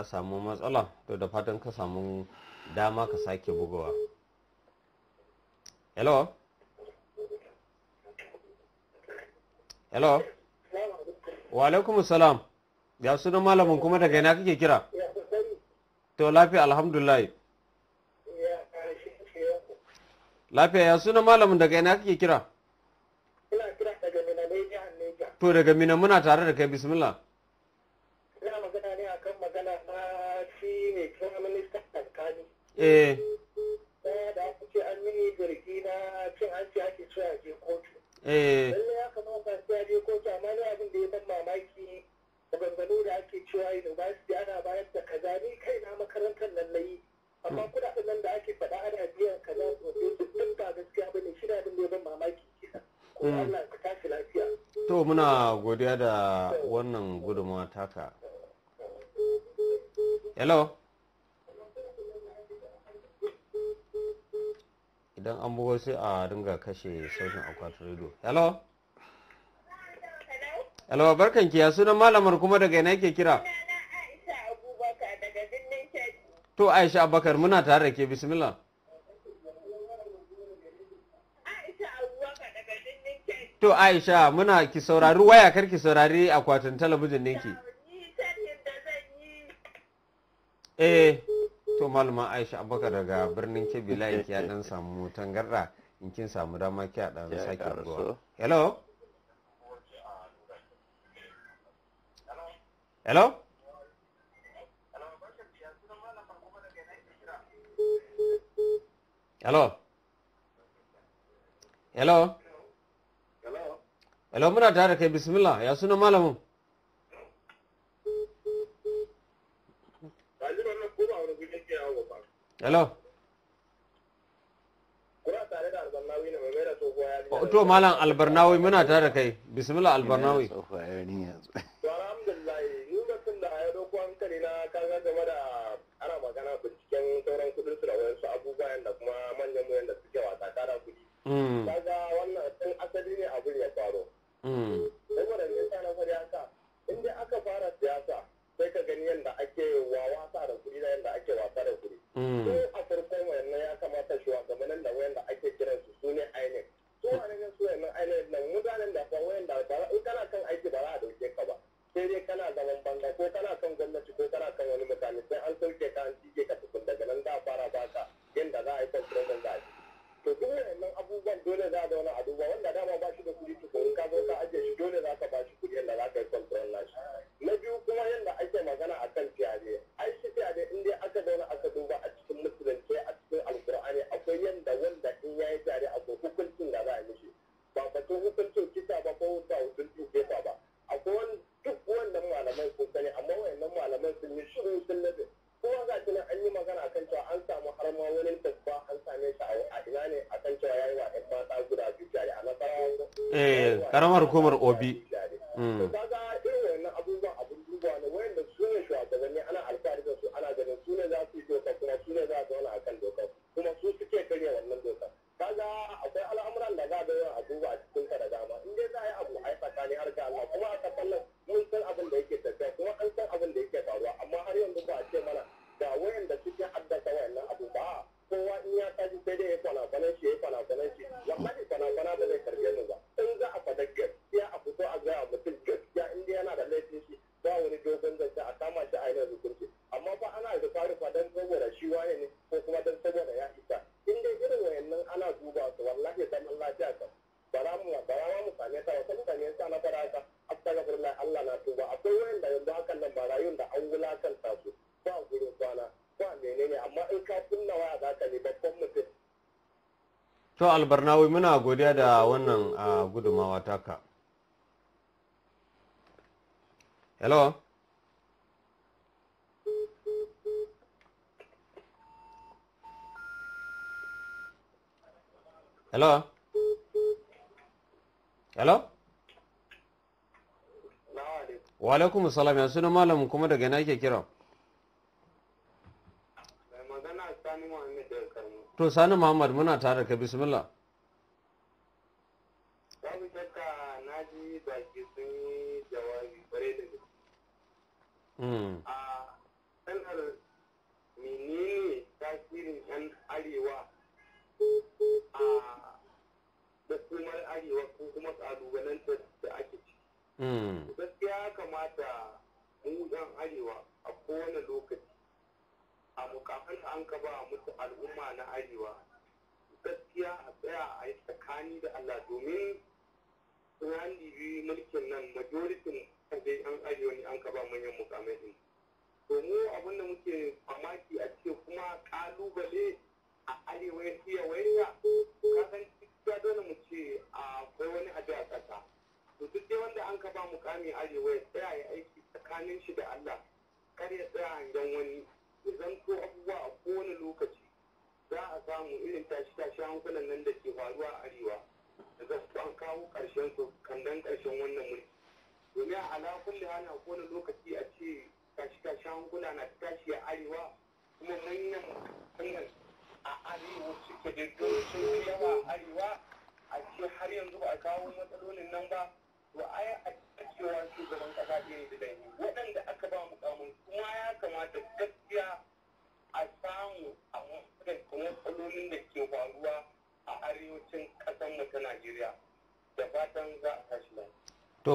samu matsala to da fatan ka samu dama ka sake bugawa hello hello wa alaikum salam ya suna malamin kuma daga ina kake kira to lafiya alhamdulillah lafiya ya suna malamin daga ina kake kira to daga mina muna tare da kai bismillah eh daya da aka ce an mini zargi na cin hanci ake so a je kotu eh lalle ya kamata sai je kotu amma ne abin da ya ban mamaki maganganu da ake cewa university ana bayar da kaza ni kai na makarantar lallai amma kudaden nan da ake faɗa ana biyan kaza professor duk ba gaskiya bane shi da abin da ya ban mamaki kisa ko Allah ka lafiya to muna godiya da wannan gudunmawa taka hello an bugo sai a dinga kashe sautin akwatin rediyo hello hello barkan ki ya sunan malamar kuma daga ina ke kira to aisha abubakar muna tare da ke bismillah to aisha muna ki saurari waya kar ki saurari akwatin talabijin ninki? eh to malama aisha abubakar daga birnin kebbi layi ya dan samu tangarda in kin samu dama ki dan sake ruwa hello hello hello hello hello muna tare kai bismillah ya suna malamin hello oh, to malam albarnawi muna tare da kai bismillah albarnawi to alhamdulillah ni da sun da ya doko hankali na kaga game da ana magana binciken sauran kudin su da wasu abubuwa da kuma manyan mu yanda suke wasa tara kudi mm. kaga wannan tun asali ne abin ya faro mm. saboda me yasa na fara haka in dai aka fara siyasa sai ka gani yanda ake wasa da kudi da yanda ake wasa da kudi ko mm. a farkon wayannan ya kamata shugabannin da wayanda ake kiran su su ne aine su wani ne su wayannan aine nan mutanen da wayan wayanda ba in kana kan aiki ba za a dauke ka ba sai dai kana zaman banga ko kana kan gwamnati ko kana kan wani mutane sai an sauke ka an cije ka tukun daga nan za a fara baka yanda za a yi kan program za to duk wayannan abubuwan dole za a zauna a duba wanda dama ba shi da kuɗi tukun ka zo ka ajiye shi dole za ka ba shi kuɗi yanda za ka yi control nashi na biyu kuma yanda ake magana akan fiyade ai shi fiyade in dai aka zauna aka duba akwai yanda wanda in ya yi tare a ko hukuncin da za a mishi ba batun hukuncin kisa ba ko ba hukuncin kisa ba akwai duk wannan malamai sun sani amma wayannan malamai sun yi shiru sun lafi kuma ga shi an yi magana akan cewa an samu har ma wani tasba an same shi a ina ne akan kan cewa yayi wa ɗan mata guda biyu tare a masarawa eh karamar hukumar obi kaga irin wannan akwai al'amuran da za da yawa a duba a cikin sa da dama in dai za a yi abu a yi tsakani har ga Allah kuma a kasan mun san abin da to albarnawi muna godiya da wannan gudumawa taka hello hello hello wa alaikum salam ya suna malamin kuma daga ina ke kira to sani muhammad muna tare ka bismillah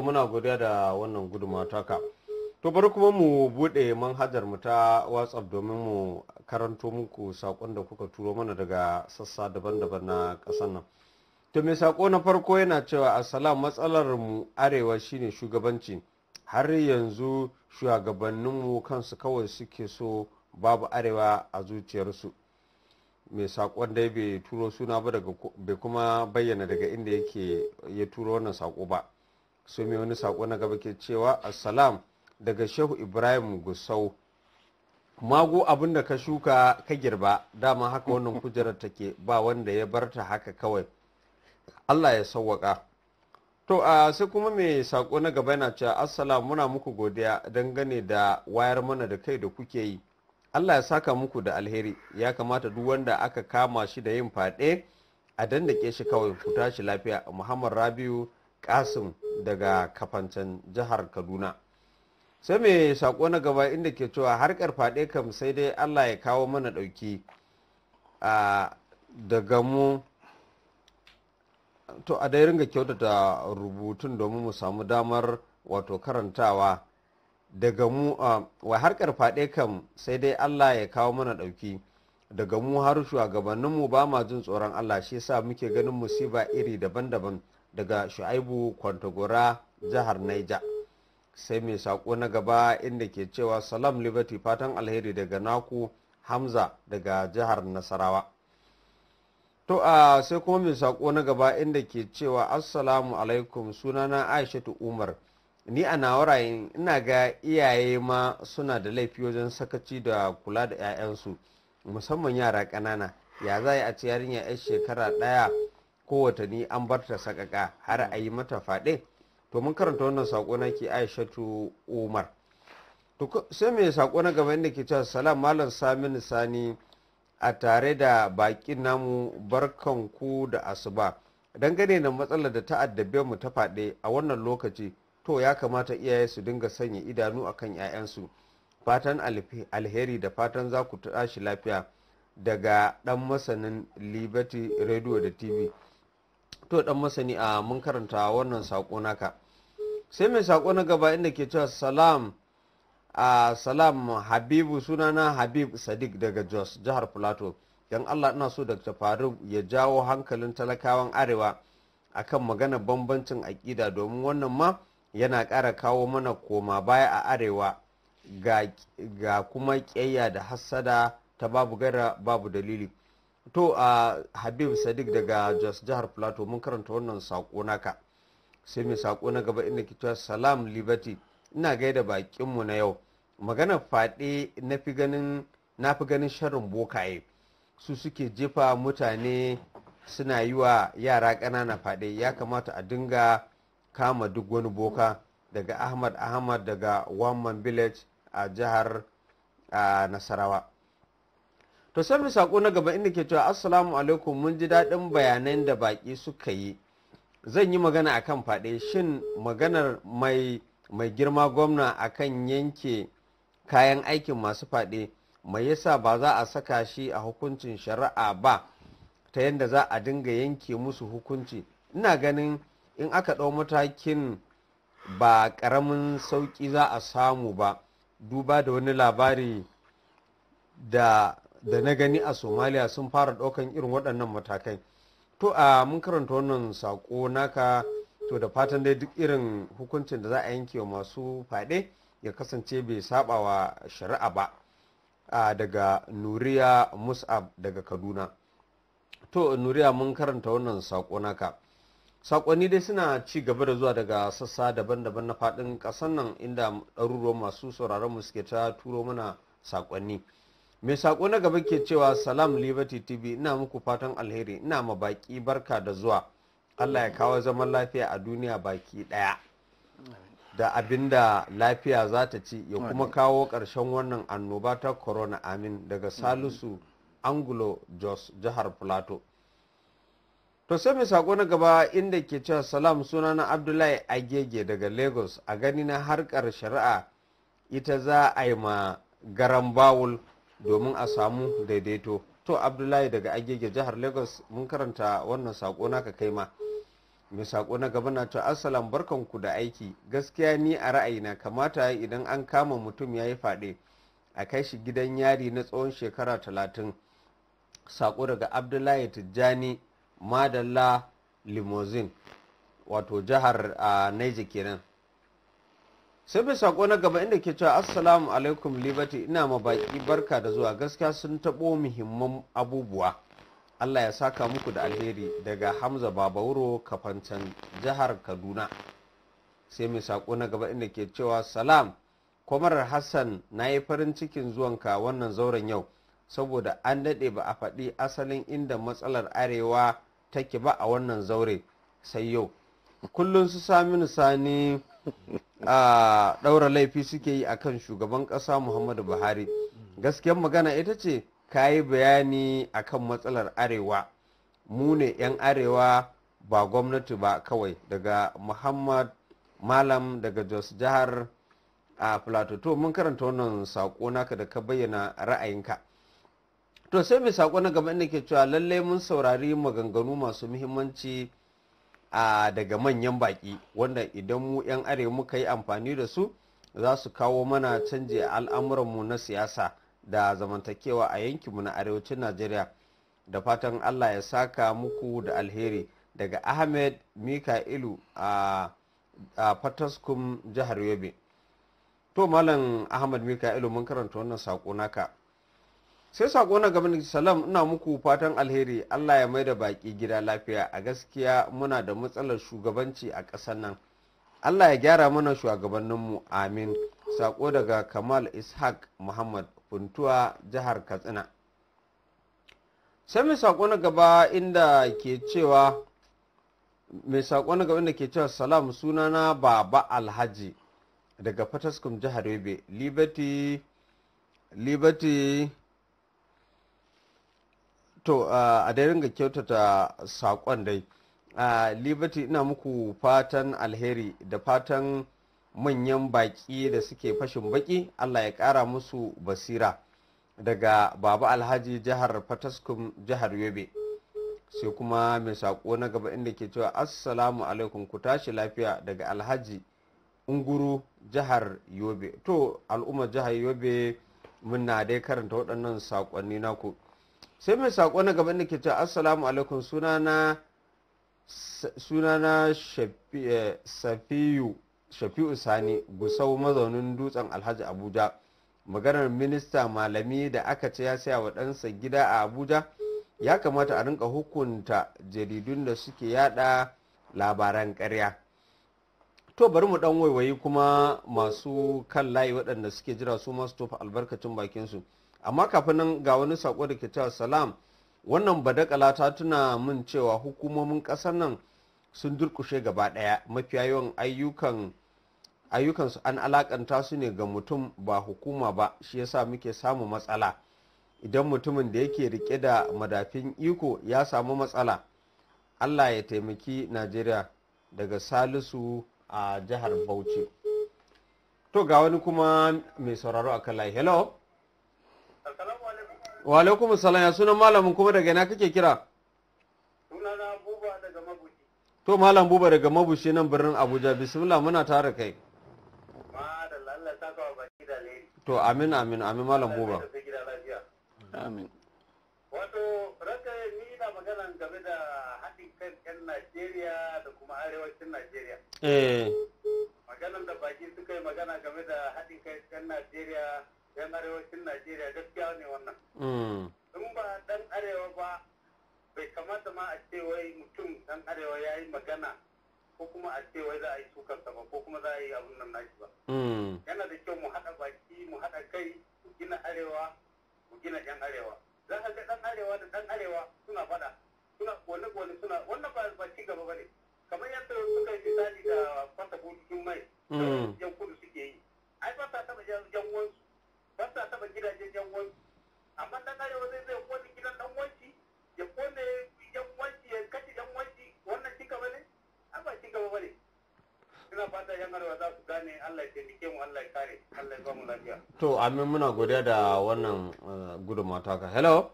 muna godiya da wannan gudunmawa taka to bari kuma mu bude manhajar mu ta whatsapp domin mu karanto muku sakon da kuka turo mana daga sassa daban-daban na ƙasar nan to mai sako na farko yana cewa assalam matsalar mu arewa shine shugabanci har yanzu shugabannin mu kansu kawai suke so babu arewa a zuciyarsu mai sakon dai bai turo suna ba daga bai kuma bayyana daga inda yake ya turo wannan sako ba sai mai wani sako na gaba ke cewa assalam daga shehu ibrahim gusau mago abin da ka shuka ka girba dama haka wannan [laughs] kujerar take ba wanda ya bar ta haka kawai allah ya sauwaka to a sai kuma mai sako na gaba yana cewa assalam muna muku godiya gane da wayar mana da kai da kuke yi allah ya saka muku da alheri ya kamata duk wanda aka kama shi da yin fade a dandake shi kawai ku tashi lafiya muhammad rabiu kasim daga kafancen jihar kaduna sai mai sako na gaba inda ke cewa harkar faɗe kam sai dai allah ya kawo mana ɗauki daga mu to a dai ringa kyautata rubutun domin mu samu damar wato karantawa daga mu wa harkar faɗe kam sai dai allah ya kawo mana ɗauki daga mu har shugabanninmu ba ma jin tsoron allah shi yasa muke ganin musiba iri daban-daban daga shu'aibu kwantagora jihar naija sai mai saƙo na gaba inda ke cewa salam liberty fatan alheri daga naku hamza daga jihar nasarawa to a sai kuma mai saƙo na gaba inda ke cewa assalamu alaikum sunana aishatu umar ni a nawarayin ina ga iyaye ma suna da laifi wajen sakaci da kula da 'ya'yansu musamman yara ƙanana ya za a ce yarinya 'yar shekara ɗaya kowata ni an bar ta sakaka har a yi mata faɗe to mun karanta wannan sako na ke aishatu umar sai mai sako na gaba inda ke cewa salam malam samin sani a tare da baƙin namu barkan ku da asuba dangane da matsalar da addabe mu ta faɗe a wannan lokaci to ya kamata iyaye su dinga sanya idanu akan 'ya'yansu fatan alheri da fatan za ku tashi lafiya daga ɗan masanin liberty radio da tv to dan masani a mun karanta wannan sako naka sai mai sako na gaba inda ke cewa salam a salam habibu sunana habib sadiq daga jos jihar plateau don allah ina so dr faruk ya jawo hankalin talakawan arewa akan magana bambancin aƙida domin wannan ma yana ƙara kawo mana koma baya a arewa ga, kuma ƙyayya da hassada ta babu gara babu dalili to a habib sadiq daga jos jihar plateau mun karanta wannan sako naka sai mai sako na gaba inda cewa salam liberty ina gaida bakinmu na yau magana fade na fi ganin na fi ganin bokaye su suke jefa mutane suna yi wa yara ƙanana fyaɗe ya kamata a dinga kama duk wani boka daga ahmad ahmad daga wamman village a jihar nasarawa to sai mu sako na gaba inda ke cewa assalamu alaikum mun ji daɗin bayanan da baƙi suka yi zan yi magana akan faɗe shin maganar mai mai girma gwamna akan yanke kayan aikin masu faɗe mai yasa ba za a saka shi a hukuncin shari'a ba ta yadda za a dinga yanke musu hukunci ina ganin in aka ɗau matakin ba ƙaramin sauƙi za a samu ba duba da wani labari da da na gani a somaliya sun fara daukan irin waɗannan matakai to a mun karanta wannan saƙo naka to da fatan dai duk irin hukuncin da za a yanke wa masu faɗe ya kasance bai saba wa shari'a ba daga nuriya mus'ab daga kaduna to nuriya mun karanta wannan saƙo naka sakonni dai suna ci gaba da zuwa daga sassa daban-daban na faɗin ƙasar nan inda ɗaruruwan masu sauraron mu suke ta turo mana saƙonni. mai saƙo na gaba ke cewa salam liberty tv ina muku fatan alheri ina ma baki barka da zuwa allah ya kawo zaman lafiya a duniya baki daya da abinda lafiya za ta ci ya kuma kawo ƙarshen wannan annoba ta corona amin daga salisu anglo jos jihar plato to sai mai saƙo na gaba inda ke cewa salam sunana abdullahi agege daga lagos a gani na harkar shari'a ita za a yi ma garan bawul domin a samu daidaito to abdullahi daga agege jihar lagos mun karanta wannan sako na ka kai ma mai sako na gaba na to assalam barkanku da aiki gaskiya ni a ra'ayina kamata idan an kama mutum ya yi fade a kai shi gidan yari na tsawon shekara talatin sako daga abdullahi tijjani madalla limousine wato jihar a ah, niger kenan sai mai sako na gaba inda ke cewa assalamu alaikum liberty ina ma baki barka da zuwa gaskiya sun taɓo muhimman abubuwa allah ya saka muku da alheri daga hamza babauro kafancan jihar kaduna sai mai sako na gaba inda ke cewa salam kwamarar hassan na yi farin cikin zuwanka wannan zauren yau saboda an daɗe ba a faɗi asalin inda matsalar arewa take ba a wannan zaure sai yau kullum su saminu sani a ɗaura laifi suke yi akan shugaban ƙasa muhammadu buhari gaskiyar magana ita ce ka yi bayani akan matsalar arewa mu ne 'yan arewa ba gwamnati ba kawai daga muhammad malam daga jos jihar a plateau mun karanta wannan saƙo naka da ka bayyana ra'ayinka to sai mai saƙo na gaba inda ke cewa lallai mun saurari maganganu masu muhimmanci a daga manyan baki wanda idan mu 'yan are muka yi amfani da su za su kawo mana canje al'amuranmu na siyasa da zamantakewa a yankinmu na arewacin najeriya da fatan allah ya saka muku da alheri daga ahmed mika'ilu a fataskum jihar yobe to malam ahmed mika'ilu mun karanta wannan sako naka sai sako na gaban salam ina muku fatan alheri allah ya mai da baki gida lafiya a gaskiya muna da matsalar shugabanci a ƙasar nan allah ya gyara mana shugabanninmu amin sako daga kamal ishaq muhammad funtuwa jihar katsina sai mai sako na gaba inda ke cewa mai sako na gaba inda ke cewa salam sunana baba alhaji daga fataskum jihar yobe liberty liberty to a dai ringa kyautata saƙon dai liberty ina muku fatan alheri da fatan manyan baƙi da suke fashin baƙi allah ya ƙara musu basira daga baba alhaji jihar fataskum jihar yobe sai kuma mai saƙo na gaba inda ke cewa assalamu alaikum ku tashi lafiya daga alhaji unguru jihar yobe to al'ummar jihar yobe muna dai karanta waɗannan saƙonni naku sai mai sako na gaban nake cewa assalamu alaikum sunana sunana eh, shafi'u sani gusau mazaunin dutsen alhaji abuja maganar minista malami da aka ce ya saya wa ɗansa gida a abuja ya kamata a rinka hukunta jaridun da suke yada labaran karya to bari mu dan waiwayi kuma masu kan layi waɗanda suke jira su masu tofa albarkacin bakinsu amma kafin nan ga wani sako da ke cewa salam wannan badakala ta tuna min cewa hukumomin ƙasar nan sun durkushe gaba ɗaya mafiya yawan ayyukansu an alakanta su ne ga mutum ba hukuma ba shi yasa muke samu matsala idan mutumin da yake rike da madafin iko ya samu matsala allah ya taimaki najeriya daga salisu a jihar bauchi to ga wani kuma mai sauraro akan layi hello wa alaikum salam ya sunan malamin kuma daga ina kake kira sunana buba daga mabushi to malam buba daga mabushi nan birnin abuja bismillah muna tare kai ba da da Allah ta to amin amin amin malam buba amin wato raka ni da magana game da haɗin kan 'yan najeriya da kuma arewacin najeriya eh maganan da baki suka yi magana game da haɗin kan 'yan najeriya yan arewacin najeriya gaskiya ne wannan hmm. in ba dan arewa ba bai kamata ma a ce wai mutum dan arewa ya yi magana ko kuma a ce wai za a yi sukarsa ba ko kuma za a yi abun nan nashi ba hmm. yana da kyau mu haɗa baki mu haɗa kai mu gina arewa mu gina yan arewa za ka ga dan arewa da dan arewa suna faɗa suna kone-kone suna wannan ba ba ci gaba ba ne kamar yadda suka yi misali da kwanta ko mai hmm. yan kudu suke yi ai ba ta taɓa jan wansu ba sa taba gidajen yan wanki amma dan arewa zai zai kone gidan dan wanki ya kone yan wanki ya kashe yan wanki wannan ci gaba ne A' ba ci gaba bane ina fata yan arewa za su gane Allah ya taimake mu Allah ya kare Allah ya ba mu lafiya to amin muna godiya da wannan eh, gudunmawa taka hello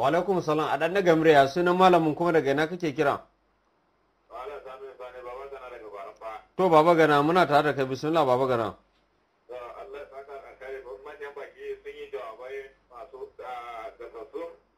wa alaikum salam a dan na gamriya sunan malamin kuma daga ina kake kira to baba gana muna tare da kai bismillah baba gana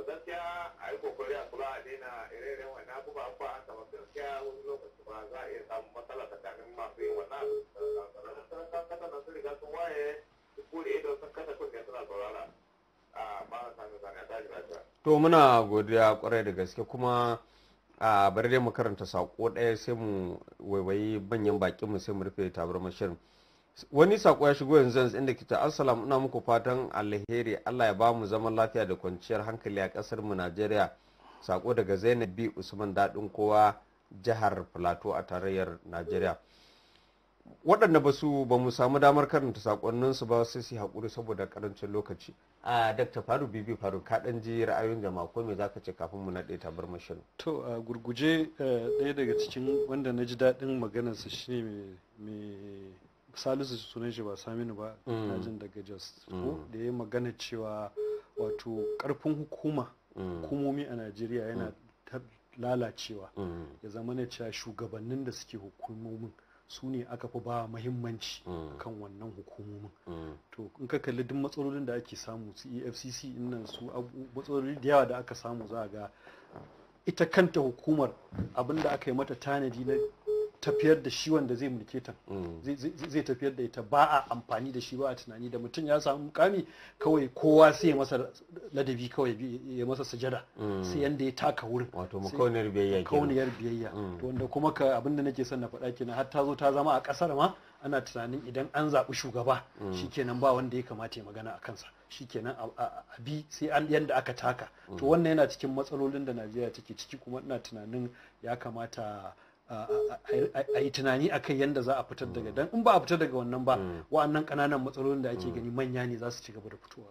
to gaskiya a yi kokari a kula a daina ire-iren wannan abubuwa ba a sama gaskiya wani lokaci ba za a iya samun matsala tsakanin masu yin wannan abubuwa kasa na sun riga sun waye su kure ido sun kasa kun da suna saurara a ba sa sami a tashi lafiya. to muna godiya kwarai da gaske kuma a bari dai mu karanta sako ɗaya sai mu waiwayi manyan bakinmu sai mu rufe tabarmar shirin. wani sako ya shigo yanzu yanzu inda kita assalamu ina muku fatan alheri allah ya ba mu zaman lafiya da kwanciyar hankali a kasar mu najeriya sako daga zainab b usman daɗin kowa jihar plateau a tarayyar najeriya waɗanda ba su ba mu samu damar karanta sakonnin su ba sai su haƙuri saboda karancin lokaci a dr faru bibi faru ka ɗan ji ra'ayoyin jama'a ko me zaka ce kafin mu naɗe tabar mashin to a gurguje eh, ɗaya daga cikin wanda na ji daɗin maganarsa shine mai salisu sunan shi ba saminu ba mm. na daga jos mm. da ya magana cewa wato karfin hukuma mm. hukumomi a najeriya yana ta lalacewa ya zama na cewa shugabannin da suke hukumomin su ne aka fi ba mahimmanci kan wannan hukumomin to in ka kalli duk matsalolin da ake samu su efcc nan su matsaloli da yawa da aka samu za a ga ita kanta hukumar abinda aka yi mata tanadi na tafiyar da shi wanda zai mulke ta mm. zai tafiyar da ita ba a amfani da shi ba a tunani da mutum ya samu mukami kawai kowa sai ya masa ladabi kawai ya masa sajada. Mm. sai yanda ya taka wurin wato makauniyar biyayya makauniyar biyayya mm. wanda kuma ka abinda nake son na faɗa kenan har ta zo ta zama a ƙasar ma ana tunanin idan an zaɓi shugaba shikenan ba wanda ya kamata ya magana a kansa shikenan a bi sai an yanda aka taka to wannan yana cikin matsalolin da Najeriya take ciki kuma ina tunanin ya kamata a yi tunani a yadda za a fitar daga mm. dan in ba a fitar daga wannan ba mm. wa'annan kananan matsalolin da ake mm. gani manya ne za su ci gaba da fitowa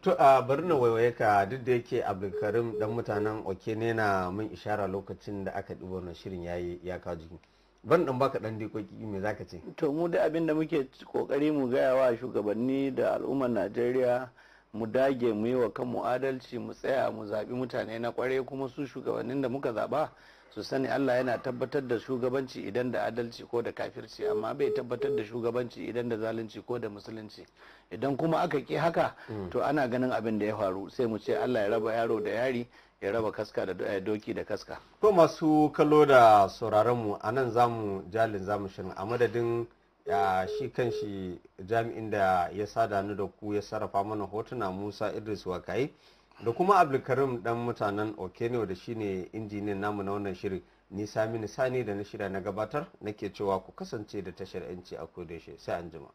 to a bari na waiwaye ka duk da yake abdulkarim dan mutanen oke ne na mun ishara lokacin da aka duba wannan shirin yayi ya kawo jiki ban dan baka dan dikoki me zaka ce to mu da abin da muke kokari mu gaya wa shugabanni da al'ummar Najeriya mu dage mu yi wa kanmu adalci mu tsaya mu zaɓi mutane na kware kuma su shugabannin da muka zaba. su sani Allah yana tabbatar da shugabanci idan da adalci ko da kafirci amma bai tabbatar da shugabanci idan da zalunci ko da musulunci idan kuma aka ki haka mm. to ana ganin abin da ya faru sai mu ce Allah ya raba yaro da yari ya raba kaska da eh, doki da kaska Ko masu kalo da sauraron mu anan zamu jalin zamu shirin a madadin shi kan shi jami'in da ya sada ni da ku ya sarrafa mana hotuna Musa Idris Wakai da kuma abdulkarim dan mutanen okeno da shine injiniyan namu na wannan shirin ni sami sani da na shirya na gabatar nake cewa ku kasance da tashar yanci a kodayaushe sai an jima